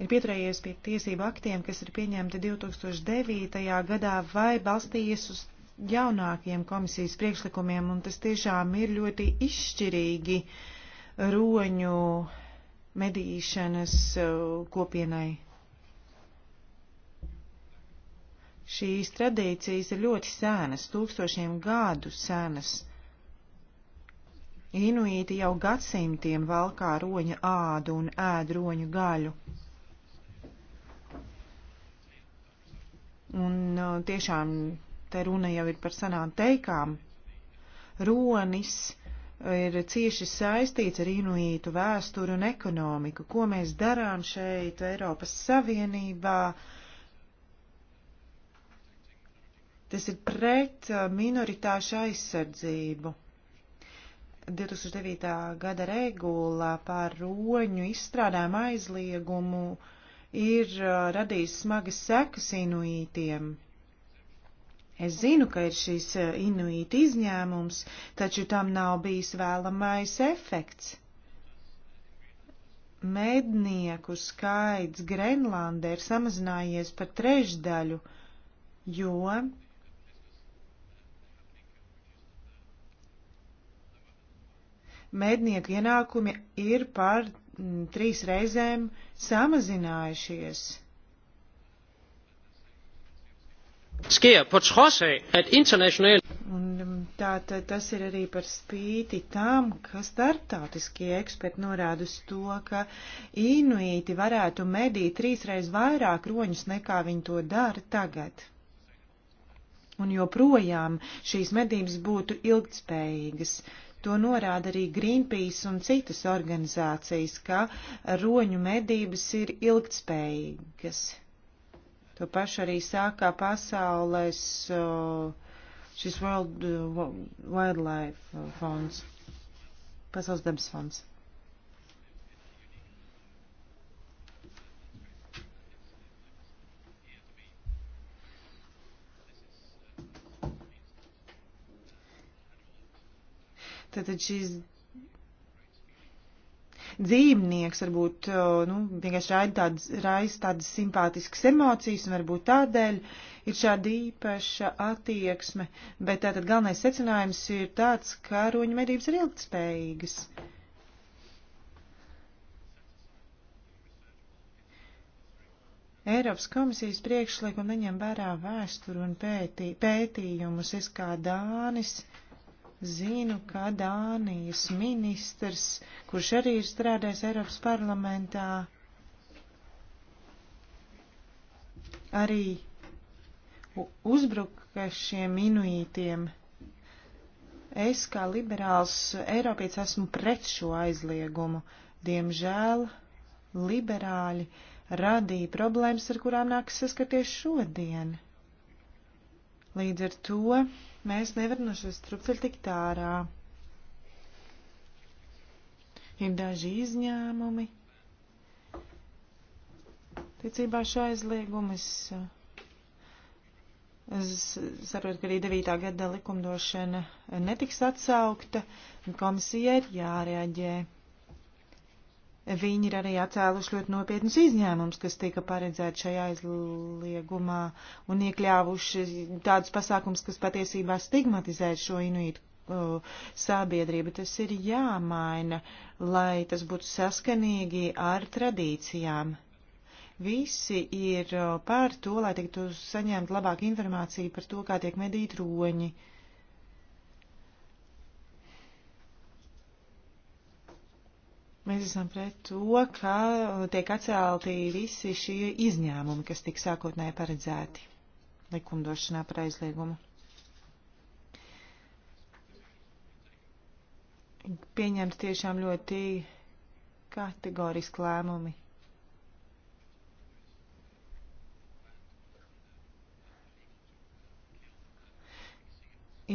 Speaker 3: ir pieturējies pie tiesību aktiem, kas ir pieņemti 2009. gadā vai balstījies uz jaunākiem komisijas priekšlikumiem, un tas tiešām ir ļoti izšķirīgi roņu medīšanas uh, kopienai. Šīs tradīcijas ir ļoti sēnas, tūkstošiem gadu sēnas. Inuīti jau gadsimtiem valkā roņa ādu un ēd roņu gaļu. Un uh, tiešām te runa jau ir par senām teikām. Ronis uh, ir cieši saistīts ar inuītu vēsturu un ekonomiku. Ko mēs darām šeit Eiropas Savienībā? Uh, Tas ir pret uh, minoritāšu aizsardzību. 2009. gada regulā par roņu izstrādājumu aizliegumu ir uh, radījis smagas sekas inuītiem. Es zinu, ka ir šis uh, inuīti izņēmums, taču tam nav bijis vēlamais efekts. Mednieku skaits Grenlandē ir samazinājies par trešdaļu, jo mednieku ienākumi ir par m, mm, trīs reizēm samazinājušies. Un mm, tā, tā, tas ir arī par spīti tam, ka startautiskie eksperti norāda uz to, ka inuīti varētu medīt trīsreiz vairāk roņus nekā viņi to dara tagad. Un joprojām šīs medības būtu ilgtspējīgas. Uh, To norāda arī Greenpeace un citas organizācijas, ka roņu medības ir ilgtspējīgas. To pašu arī sākā pasaules šis World Wildlife fonds, Pasaules dabas fonds. Tātad šīs dzīvnieks varbūt nu, vienkārši raisa tādas, rais tādas simpātiskas emocijas, un varbūt tādēļ ir šāda īpaša attieksme. Bet tātad galvenais secinājums ir tāds, ka roņu medības ir ilgtspējīgas. Eiropas komisijas priekšlikuma neņem vērā vēsturu un pētī, pētījumus. Es kā Dānis. Uh, Zinu, ka Dānijas ministrs, kurš arī ir strādājis Eiropas parlamentā, arī uzbruka šiem inuītiem. Es kā liberāls Eiropietis esmu pret šo aizliegumu. Diemžēl liberāļi radīja problēmas, ar kurām nāks saskaties šodien. Līdz ar to Mēs nevaram no šos strupceļ tikt ārā. Ir daži izņēmumi. Ticībā šo aizliegumu es, es saprotu, ka arī 9. gada likumdošana netiks atsaukta. Komisija ir jārēģē. Viņi ir arī atcēluši ļoti nopietnus izņēmumus, kas tika paredzēti šajā aizliegumā un iekļāvuši tādus pasākums, kas patiesībā stigmatizē šo inuitu sabiedrību. Tas ir jāmaina, lai tas būtu saskanīgi ar tradīcijām. Visi ir par to, lai tiktu saņemt labāk informāciju par to, kā tiek medīt roņi. Uh, Mēs esam pret to, ka tiek atcelti visi šie izņēmumi, kas tika sākotnēji paredzēti likumdošanā par aizliegumu. Pieņemts tiešām ļoti kategoriski lēmumi.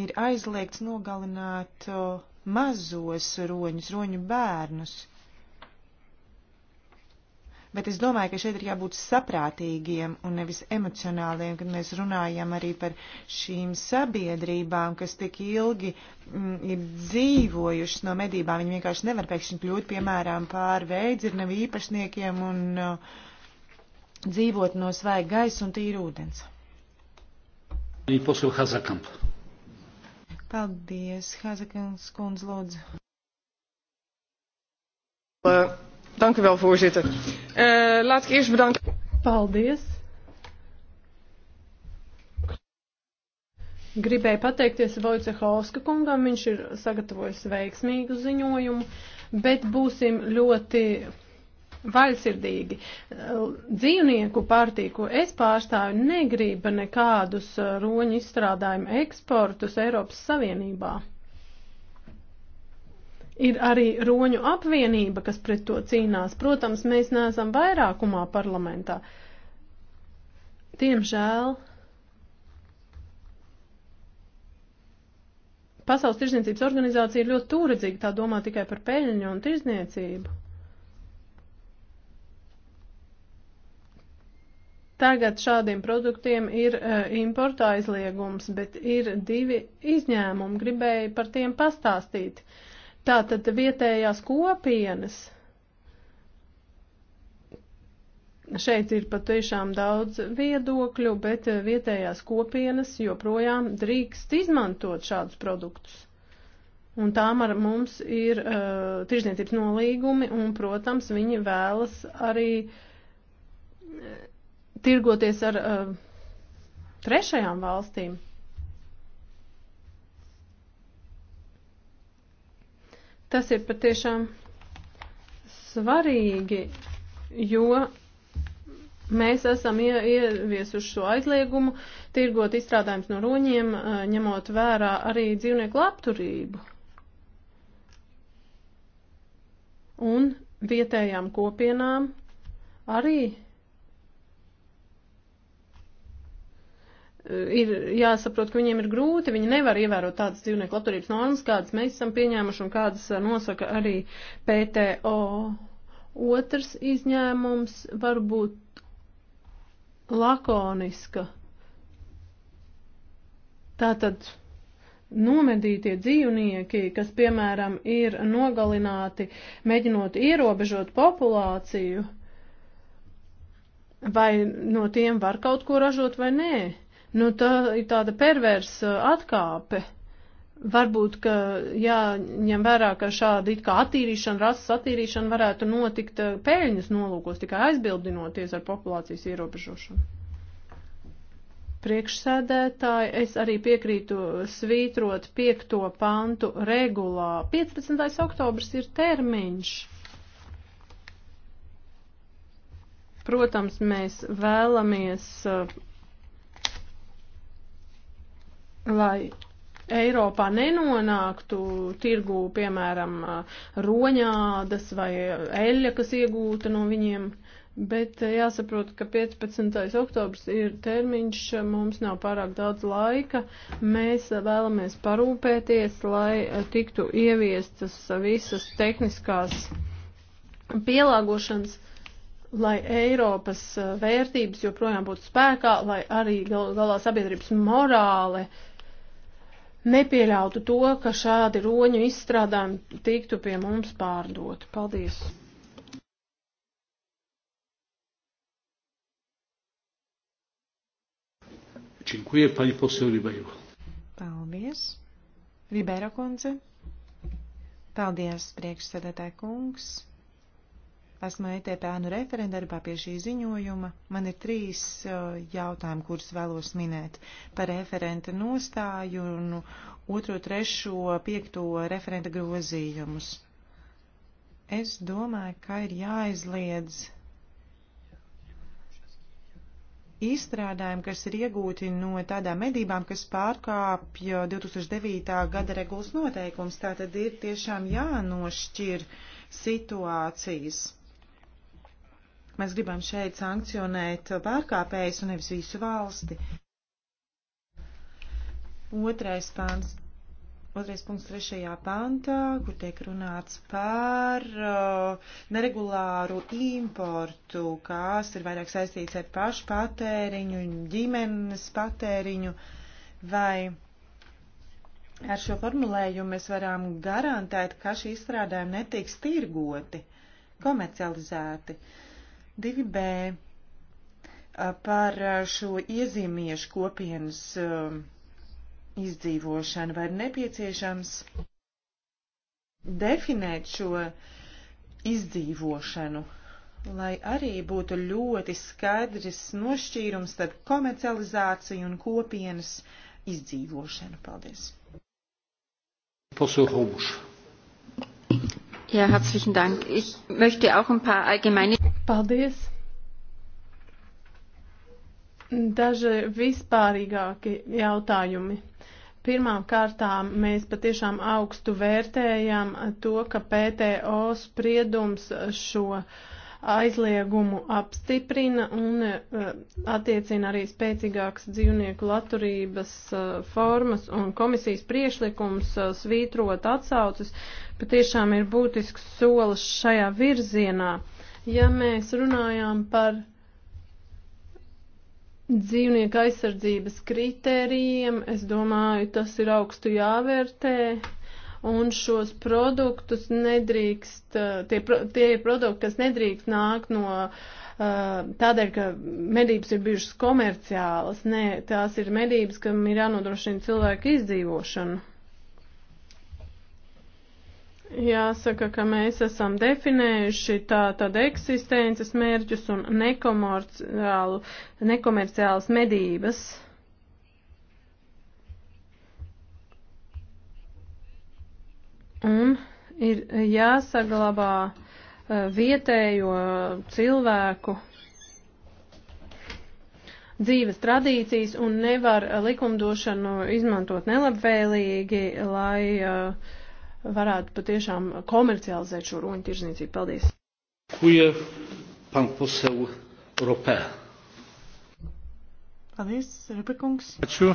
Speaker 3: Ir aizliegts nogalināt uh, mazos roņus, roņu bērnus. Bet es domāju, ka šeit ir jābūt saprātīgiem un nevis emocionāliem, kad mēs runājam arī par šīm sabiedrībām, kas tik ilgi mm, ir dzīvojušas no medībām. Viņi vienkārši nevar pēkšņi kļūt, piemēram, pār veidzirnavu īpašniekiem un uh, dzīvot no svaiga gaisa un tīra ūdens. Paldies, Hazekans kundz, lūdzu.
Speaker 1: Uh,
Speaker 2: dank u wel, voorzitter.
Speaker 3: Uh, laat ik eerst bedanken. Paldies!
Speaker 2: Gribēju pateikties Vojcehovska kungam, viņš ir sagatavojis veiksmīgu ziņojumu, bet būsim ļoti vaļsirdīgi. Dzīvnieku partija, ko es pārstāvu, negriba nekādus roņu izstrādājumu eksportus Eiropas Savienībā. Ir arī roņu apvienība, kas pret to cīnās. Protams, mēs neesam vairākumā parlamentā. Tiemžēl. Pasaules tirzniecības organizācija ir ļoti tūredzīga, tā domā tikai par peļņu un tirzniecību. Tagad šādiem produktiem ir uh, importa aizliegums, bet ir divi izņēmumi, gribēju par tiem pastāstīt. Uh, Tātad vietējās kopienas. Šeit ir patiešām daudz viedokļu, bet vietējās kopienas joprojām drīkst izmantot šādus produktus. Un tām ar mums ir uh, tirzniecības nolīgumi, un, protams, viņi vēlas arī uh, tirgoties ar uh, trešajām valstīm. Tas ir patiešām svarīgi, jo mēs esam ieviesuši šo aizliegumu tirgot izstrādājums no roņiem, ņemot vērā arī dzīvnieku labturību. Un vietējām kopienām arī ir jāsaprot, ka viņiem ir grūti, viņi nevar ievērot tādas dzīvnieku labturības normas, kādas mēs esam pieņēmuši un kādas eh, nosaka arī PTO. Otrs izņēmums var būt lakoniska. Tātad nomedītie dzīvnieki, kas, piemēram, ir nogalināti, mēģinot ierobežot populāciju, vai no tiem var kaut ko ražot vai nē. Nu, tā ir tāda perversa uh, atkāpe. Varbūt, ka jāņem vērā, ka šāda it kā attīrīšana, rases attīrīšana varētu notikt uh, pēļņas nolūkos, tikai aizbildinoties ar populācijas ierobežošanu. Priekšsēdētāji, es arī piekrītu svītrot piekto pantu regulā. 15. oktobrs ir termiņš. Protams, mēs vēlamies uh, lai Eiropā nenonāktu tirgū, piemēram, roņādas vai eļļa, kas iegūta no viņiem, bet eh, jāsaprot, ka 15. oktobrs ir termiņš, mums nav pārāk daudz laika, mēs eh, vēlamies parūpēties, lai eh, tiktu ieviestas visas tehniskās pielāgošanas lai Eiropas vērtības joprojām būtu spēkā, lai arī gal, galā sabiedrības morāle uh, nepieļautu to, ka šādi roņu izstrādājumi tiktu pie mums pārdot. Paldies!
Speaker 1: Dziękuję pani poseł Ribeiro.
Speaker 3: Paldies. Ribeiro kundze. Paldies, priekšsēdētāj kungs. Esmu ETPānu referenta darbā pie šī ziņojuma. Man ir trīs uh, jautājumi, kurus vēlos minēt par referenta nostāju un otro, trešo, piekto referenta grozījumus. Es domāju, ka ir jāizliedz izstrādājumi, kas ir iegūti no tādām medībām, kas pārkāpja 2009. gada regulas noteikums. Tā tad ir tiešām jānošķir situācijas Mēs gribam šeit sankcionēt pārkāpējus un nevis visu valsti. Otrais pāns. Otrais punkts trešajā pantā, kur tiek runāts par uh, neregulāru importu, kas ir vairāk saistīts ar pašu patēriņu, ģimenes patēriņu, vai ar šo formulējumu mēs varam garantēt, ka šī izstrādājuma netiks tirgoti, komercializēti. Uh, 2B par šo iezīmiešu kopienas izdzīvošanu vai ir nepieciešams definēt šo izdzīvošanu, lai arī būtu ļoti skaidrs nošķīrums starp komercializāciju un kopienas izdzīvošanu. Paldies!
Speaker 1: Posūhūmuša.
Speaker 4: Ja, herzlichen Dank. Ich
Speaker 2: möchte
Speaker 3: auch
Speaker 4: ein paar allgemeine Paldies! Daži
Speaker 2: vispārīgāki jautājumi. Pirmām kārtām mēs patiešām augstu vērtējam to, ka PTO spriedums šo aizliegumu apstiprina un eh, attiecina arī spēcīgākas dzīvnieku laturības eh, formas un komisijas priešlikums eh, svītrot atsaucas, patiešām ir būtisks solis šajā virzienā. Ja mēs runājām par dzīvnieku aizsardzības kritērijiem, es domāju, tas ir augstu jāvērtē. Un šos produktus nedrīkst, eh, tie, tie ir produkti, kas nedrīkst nākt no uh, tādēļ, ka medības ir bijušas komerciālas. Nē, tās ir medības, kam ir jānodrošina cilvēku izdzīvošanu. Jāsaka, ka mēs esam definējuši tātad eksistences mērķus un nekomerciālas medības. Un ir jāsaglabā e, vietējo cilvēku dzīves tradīcijas un nevar e, likumdošanu izmantot nelabvēlīgi, lai uh, varētu patiešām komercializēt šo roņu tirzniecību. Paldies!
Speaker 1: Kuja, pan poseu, Ropē.
Speaker 3: Paldies, Repekungs.
Speaker 1: Ačiū.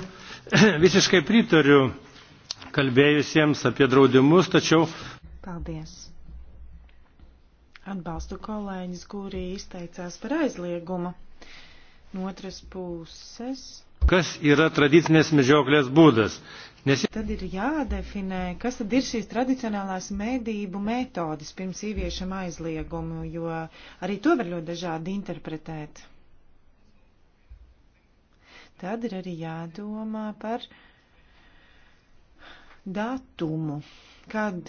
Speaker 1: Visiškai pritariu kalbėjusiems apie draudimus, tačiau.
Speaker 3: Paldies. Atbalstu kolēģis, kuri izteicās par aizliegumu. No otras puses.
Speaker 1: Kas yra tradicinės medžioklės būdas? Nes...
Speaker 3: Tad ir jādefinē, kas tad ir šīs tradicionālās medību metodas pirms ieviešam aizliegumu, jo arī to var ļoti dažādi interpretēt. Tad ir arī jādomā par datumu, kad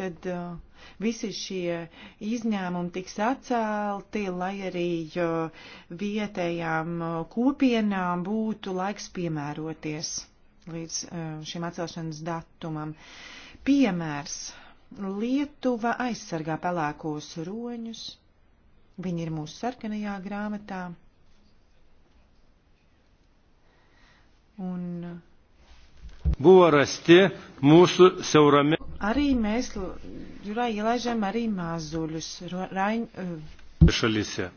Speaker 3: tad uh, visi šie izņēmumi tiks atcelti, lai arī uh, vietējām uh, kopienām būtu laiks piemēroties līdz šim atcelšanas datumam. Piemērs. Lietuva aizsargā pelēkos roņus. Viņi ir mūsu sarkanajā grāmatā. Un
Speaker 1: buvo rasti mūsų siaurame.
Speaker 3: Arī mēs jūrā ielaižam arī mazuļus. Ro, raņ, uh,
Speaker 1: šalyse.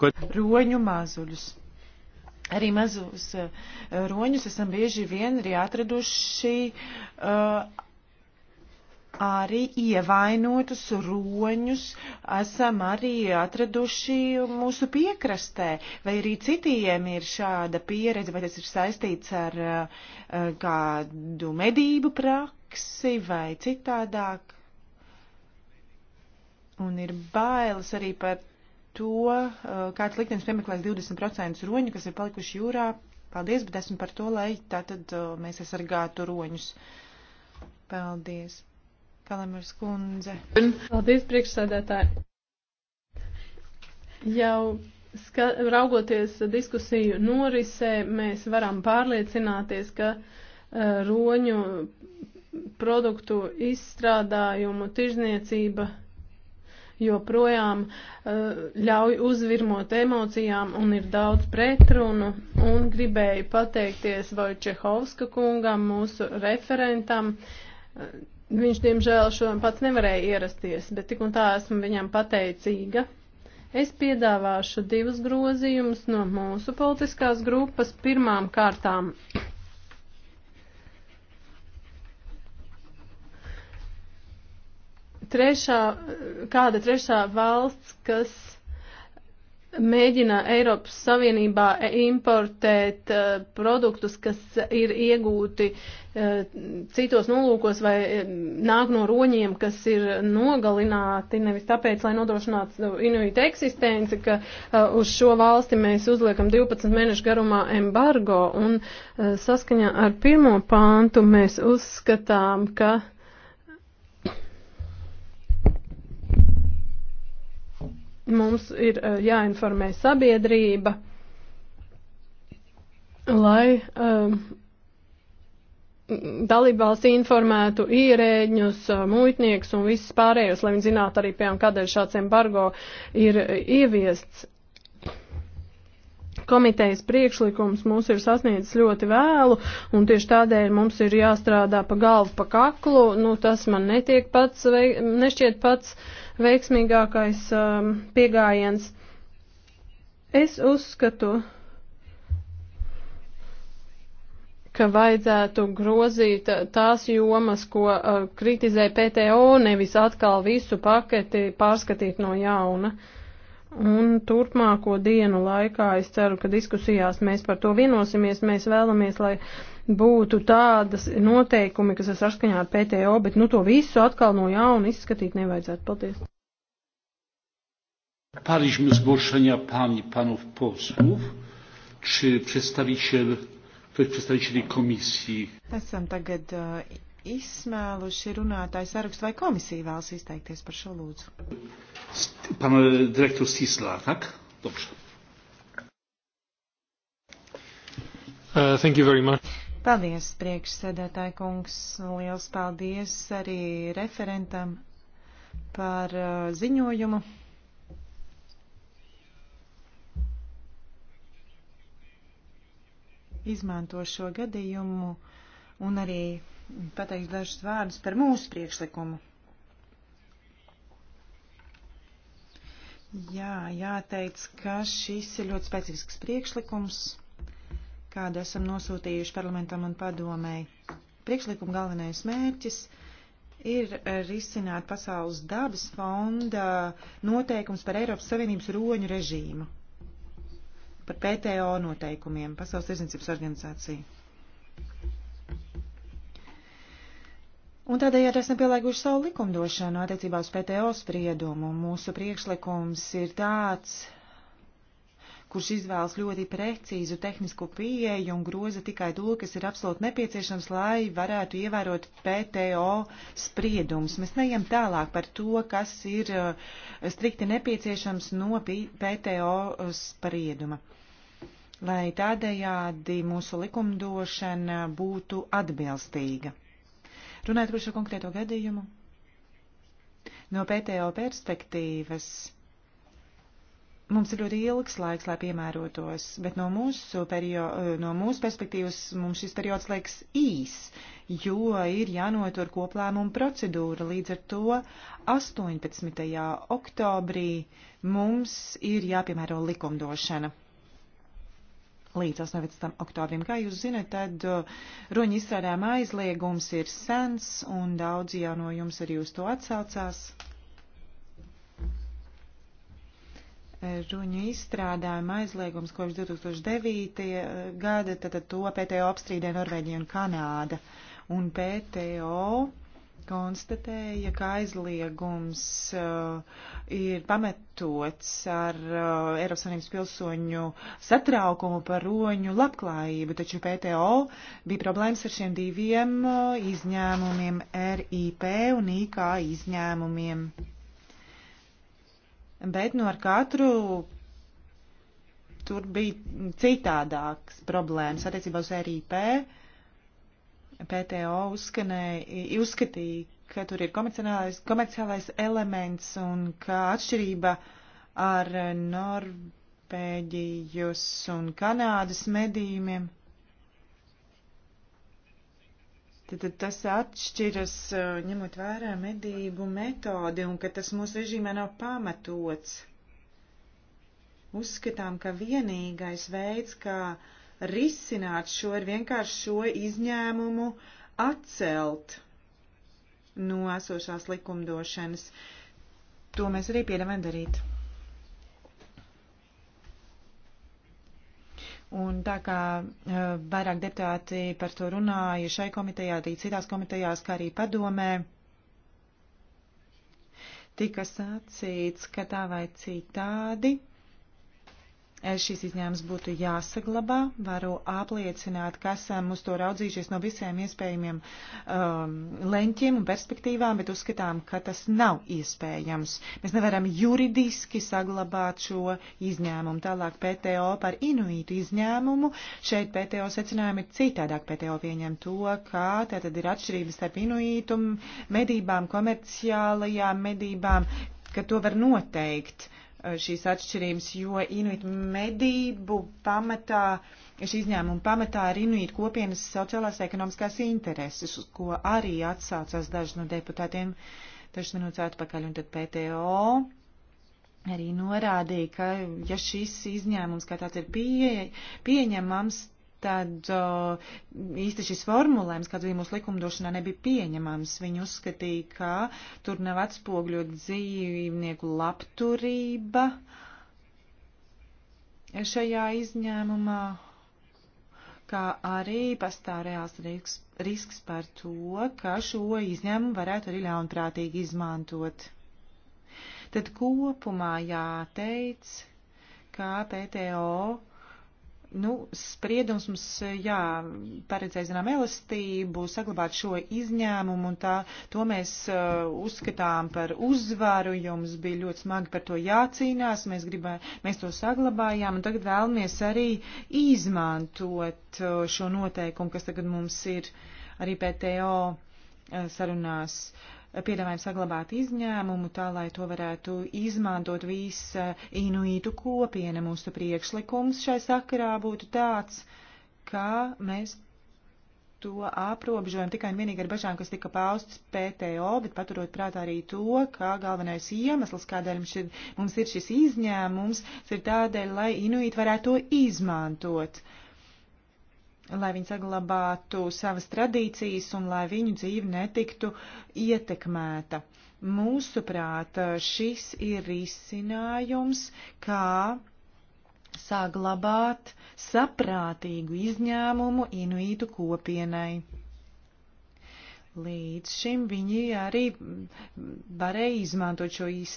Speaker 1: Ko...
Speaker 3: Roņu mazuļus arī mazos eh, roņus esam bieži vien arī atraduši uh, arī ievainotus roņus, esam arī atraduši mūsu piekrastē, vai arī citiem ir šāda pieredze, vai tas ir saistīts ar uh, kādu medību praksi vai citādāk. Un ir bailes arī par to, eh, kāds liktenis piemeklēs 20% roņu, kas ir palikuši jūrā. Paldies, bet esmu par to, lai tātad eh, mēs aizsargātu roņus. Paldies. Kalamars kundze. Paldies, priekšsēdētāji.
Speaker 2: Jau ska, raugoties diskusiju norisē, mēs varam pārliecināties, ka uh, roņu produktu izstrādājumu tirzniecība joprojām eh, ļauj uzvirmot emocijām un ir daudz pretrunu. Un gribēju pateikties Vojčehovska kungam, mūsu referentam. Eh, viņš, diemžēl, šodien pats nevarēja ierasties, bet tik un tā esmu viņam pateicīga. Es piedāvāšu divus grozījumus no mūsu politiskās grupas. Pirmām kārtām trešā, kāda trešā valsts, kas mēģina Eiropas Savienībā importēt uh, produktus, kas ir iegūti uh, citos nolūkos vai eh, nāk no roņiem, kas ir nogalināti, nevis tāpēc, lai nodrošinātu inuita eksistenci, ka uh, uz šo valsti mēs uzliekam 12 mēnešu garumā embargo un saskaņā ar pirmo pāntu mēs uzskatām, ka Mums ir eh, jāinformē sabiedrība, lai uh, dalībvalsts informētu ierēģņus, eh, muitniekus un visus pārējos, lai viņi zinātu arī, piemēram, kādēļ šāds embargo ir ieviests. Komitejas priekšlikums mūs ir sasniedzis ļoti vēlu, un tieši tādēļ mums ir jāstrādā pa galvu, pa kaklu. Nu, tas man netiek pats, nešķiet pats uh, veiksmīgākais um, piegājiens. Es uzskatu, ka vajadzētu grozīt tās jomas, ko uh, kritizē PTO, nevis atkal visu paketi pārskatīt no jauna. Un turpmāko dienu laikā es ceru, ka diskusijās mēs par to vienosimies. Mēs vēlamies, lai uh, būtu tādas noteikumi, kas ir saskaņā ar PTO, bet nu to visu atkal no jauna izskatīt nevajadzētu. Paldies!
Speaker 1: Parliśmy zgłoszenia pań i panów posłów. Czy przedstawiciel, ktoś przedstawicieli komisji?
Speaker 3: Esam tagad uh, izsmēluši runātāju sarakstu, vai komisija vēlas izteikties par šo lūdzu?
Speaker 1: Pan direktor Stīslā, tak? Dobrze. Uh, thank you very much.
Speaker 3: Paldies, priekšsēdētāji kungs. Liels paldies arī referentam par uh, ziņojumu. Izmanto šo gadījumu un arī pateiks dažus vārdus par mūsu priekšlikumu. Jā, jāteic, ka šis ir ļoti specifisks priekšlikums kādu esam nosūtījuši parlamentam un padomēji. Priekšlikuma galvenais mērķis ir eh, risināt pasaules dabas fonda noteikums par Eiropas Savienības roņu režīmu, par PTO noteikumiem, Pasaules tirdzniecības organizāciju. Un tādējādi esam pielāguši savu likumdošanu attiecībā uz PTO spriedumu. Mūsu priekšlikums ir tāds, kurš izvēlas ļoti precīzu tehnisko pieeju un groza tikai to, kas ir absolūti nepieciešams, lai varētu ievērot PTO spriedumus. Mēs neejam tālāk par to, kas ir eh, strikti nepieciešams no PTO sprieduma, lai tādējādi mūsu likumdošana būtu atbilstīga. Runājot par šo konkrēto gadījumu, no PTO perspektīvas Mums ir ļoti ilgs laiks, lai piemērotos, bet no mūsu, perio, no mūsu perspektīvas mums šis periods liekas īs, jo ir jānotur koplēmuma procedūra. Līdz ar to 18. oktobrī mums ir jāpiemēro likumdošana. Līdz 18. oktobrim, kā jūs zinat, tad uh, roņa izstrādājuma aizliegums ir sens, un daudzi jau no jums arī uz to atsaucās. ruņu izstrādājuma aizliegums kopš 2009. Eh, gada, tad to PTO apstrīdē Norvēģija un Kanāda. Un PTO konstatēja, ka aizliegums uh, ir pametots ar uh, Eiropas Savienības pilsoņu satraukumu par roņu labklājību, taču PTO bija problēmas ar šiem diviem uh, izņēmumiem - RIP un IK izņēmumiem bet no nu, ar katru tur bija citādākas problēmas attiecībā uz RIP. PTO uzskatīja, ka tur ir komerciālais, komerciālais elements un ka atšķirība ar Norvēģijas un Kanādas medījumiem. Tad tas atšķiras, eh, ņemot vērā medību metodi un ka tas mūsu režīmē nav pamatots. Uzskatām, ka vienīgais veids, kā risināt šo, ir vienkārši šo izņēmumu atcelt no esošās likumdošanas. To mēs arī piedāvājam darīt. Un tā kā eh, vairāk deputāti par to runāja šai komitejā, arī citās komitejās, kā arī padomē, tika sacīts, ka tā vai citādi Eh, šīs izņēmums būtu jāsaglabā. Varu apliecināt, ka esam uz to raudzījušies no visiem iespējamiem um, leņķiem un perspektīvām, bet uzskatām, ka tas nav iespējams. Mēs nevaram juridiski saglabāt šo izņēmumu. Tālāk PTO par inuītu izņēmumu. Šeit PTO secinājumi ir citādāk. PTO pieņem to, ka tātad ir atšķirības starp inuītu medībām, komerciālajām medībām, ka to var noteikt. Uh, Eh, šīs atšķirības, jo inuitu medību pamatā, šī izņēmuma pamatā ir inuitu kopienas sociālās ekonomiskās intereses, uz ko arī atsaucās daži no deputātiem dažas minūtes atpakaļ, un tad PTO arī norādīja, ka ja šis izņēmums kā tāds ir pie, pieņemams, tad uh, īsti šis formulējums, kāds bija mūsu likumdošanā, nebija pieņemams. Viņi uzskatīja, ka tur nav atspogļot dzīvnieku labturība šajā izņēmumā, kā arī pastāv reāls risks, risks par to, ka šo izņēmumu varētu arī ļaunprātīgi izmantot. Tad kopumā jāteic, kā PTO nu, spriedums mums jā, paredzēja zinām elastību, saglabāt šo izņēmumu, un tā, to mēs uh, uzskatām par uzvaru, jums bija ļoti smagi par to jācīnās, mēs, gribā, mēs to saglabājām, un tagad vēlamies arī izmantot uh, šo noteikumu, kas tagad mums ir arī PTO uh, sarunās. Uh, piedāvājam saglabāt izņēmumu, tā lai to varētu izmantot visa inuītu kopiena. Mūsu priekšlikums šai sakarā būtu tāds, ka mēs to aprobežojam tikai un vienīgi ar bažām, kas tika paustas PTO, bet paturot prātā arī to, ka galvenais iemesls, kādēļ mums ir, mums ir šis izņēmums, ir tādēļ, lai inuīti varētu to izmantot. Uh, lai viņi saglabātu savas tradīcijas un lai viņu dzīve netiktu ietekmēta. Mūsuprāt, šis ir risinājums, kā saglabāt saprātīgu izņēmumu inuītu kopienai. Līdz šim viņi arī varēja izmantot šo iz,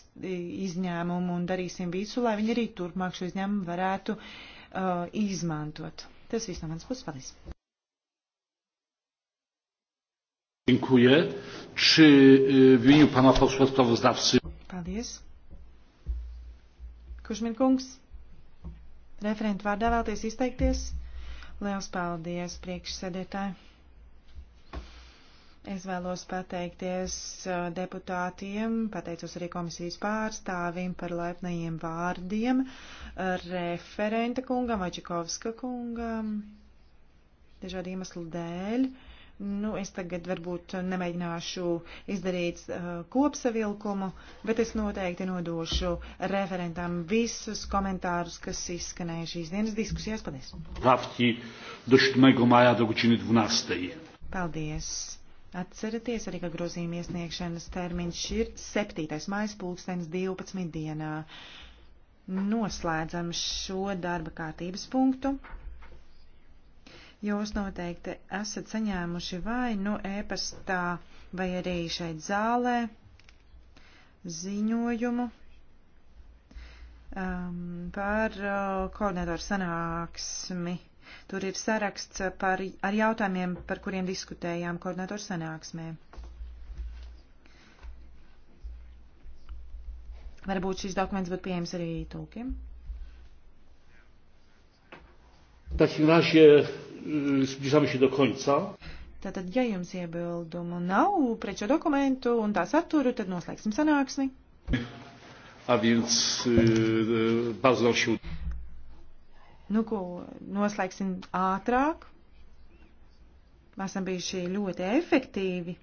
Speaker 3: izņēmumu un darīsim visu, lai viņi arī turpmāk šo izņēmumu varētu uh, izmantot. Tas viss no manas puses. Paldies!
Speaker 1: Dziękuję. Czy w imieniu pana posła sprawozdawcy.
Speaker 3: Paldies. Kušmin kungs, referentu vārdā vēlties izteikties. Liels paldies, priekšsēdētāji. Es vēlos pateikties uh, deputātiem, pateicos arī komisijas pārstāvim par laipnajiem vārdiem, uh, referenta kungam, Aģikovska kungam, dažādu iemeslu dēļ. Nu, es tagad varbūt nemēģināšu izdarīt uh, kopsavilkumu, bet es noteikti nodošu referentam visus komentārus, kas izskanēja šīs dienas diskusijās. Paldies! Paldies! Atceraties arī, ka grozījuma iesniegšanas termiņš ir 7. maijas pulkstens 12. dienā. Noslēdzam šo darba kārtības punktu. Jūs noteikti esat saņēmuši vai nu ēpastā, vai arī šeit zālē ziņojumu um, par uh, koordinatoru sanāksmi Tur ir saraksts par, ar jautājumiem, par kuriem diskutējām koordinatoru sanāksmē. Varbūt šis dokuments būtu pieejams arī tūkiem.
Speaker 1: Mm,
Speaker 3: Tātad, ja jums iebildumu nav pret šo dokumentu un tā saturu, tad noslēgsim sanāksmi.
Speaker 1: A więc y, bardzo się
Speaker 3: Nu, ko noslēgsim ātrāk. Mēs esam bijuši ļoti efektīvi.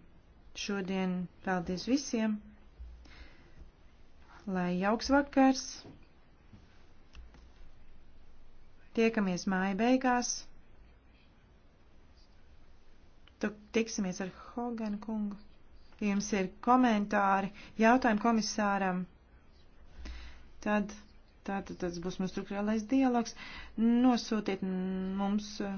Speaker 3: Šodien paldies visiem. Lai jauks vakars. Tiekamies māja beigās. Tu tiksimies ar Hoganu kungu. Jums ir komentāri, jautājumi komisāram. Tad. Tātad tas būs mūsu struktūrālais dialogs. Nosūtiet mums eh,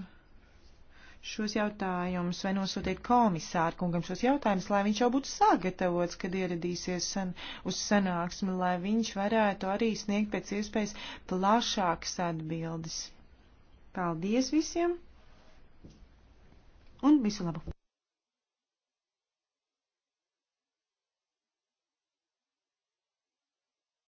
Speaker 3: šos jautājumus vai nosūtiet komisāru kungam šos jautājumus, lai viņš jau būtu sagatavots, kad ieradīsies san, uz sanāksmi, lai viņš varētu arī sniegt pēc iespējas plašākas atbildes. Paldies visiem un visu labu!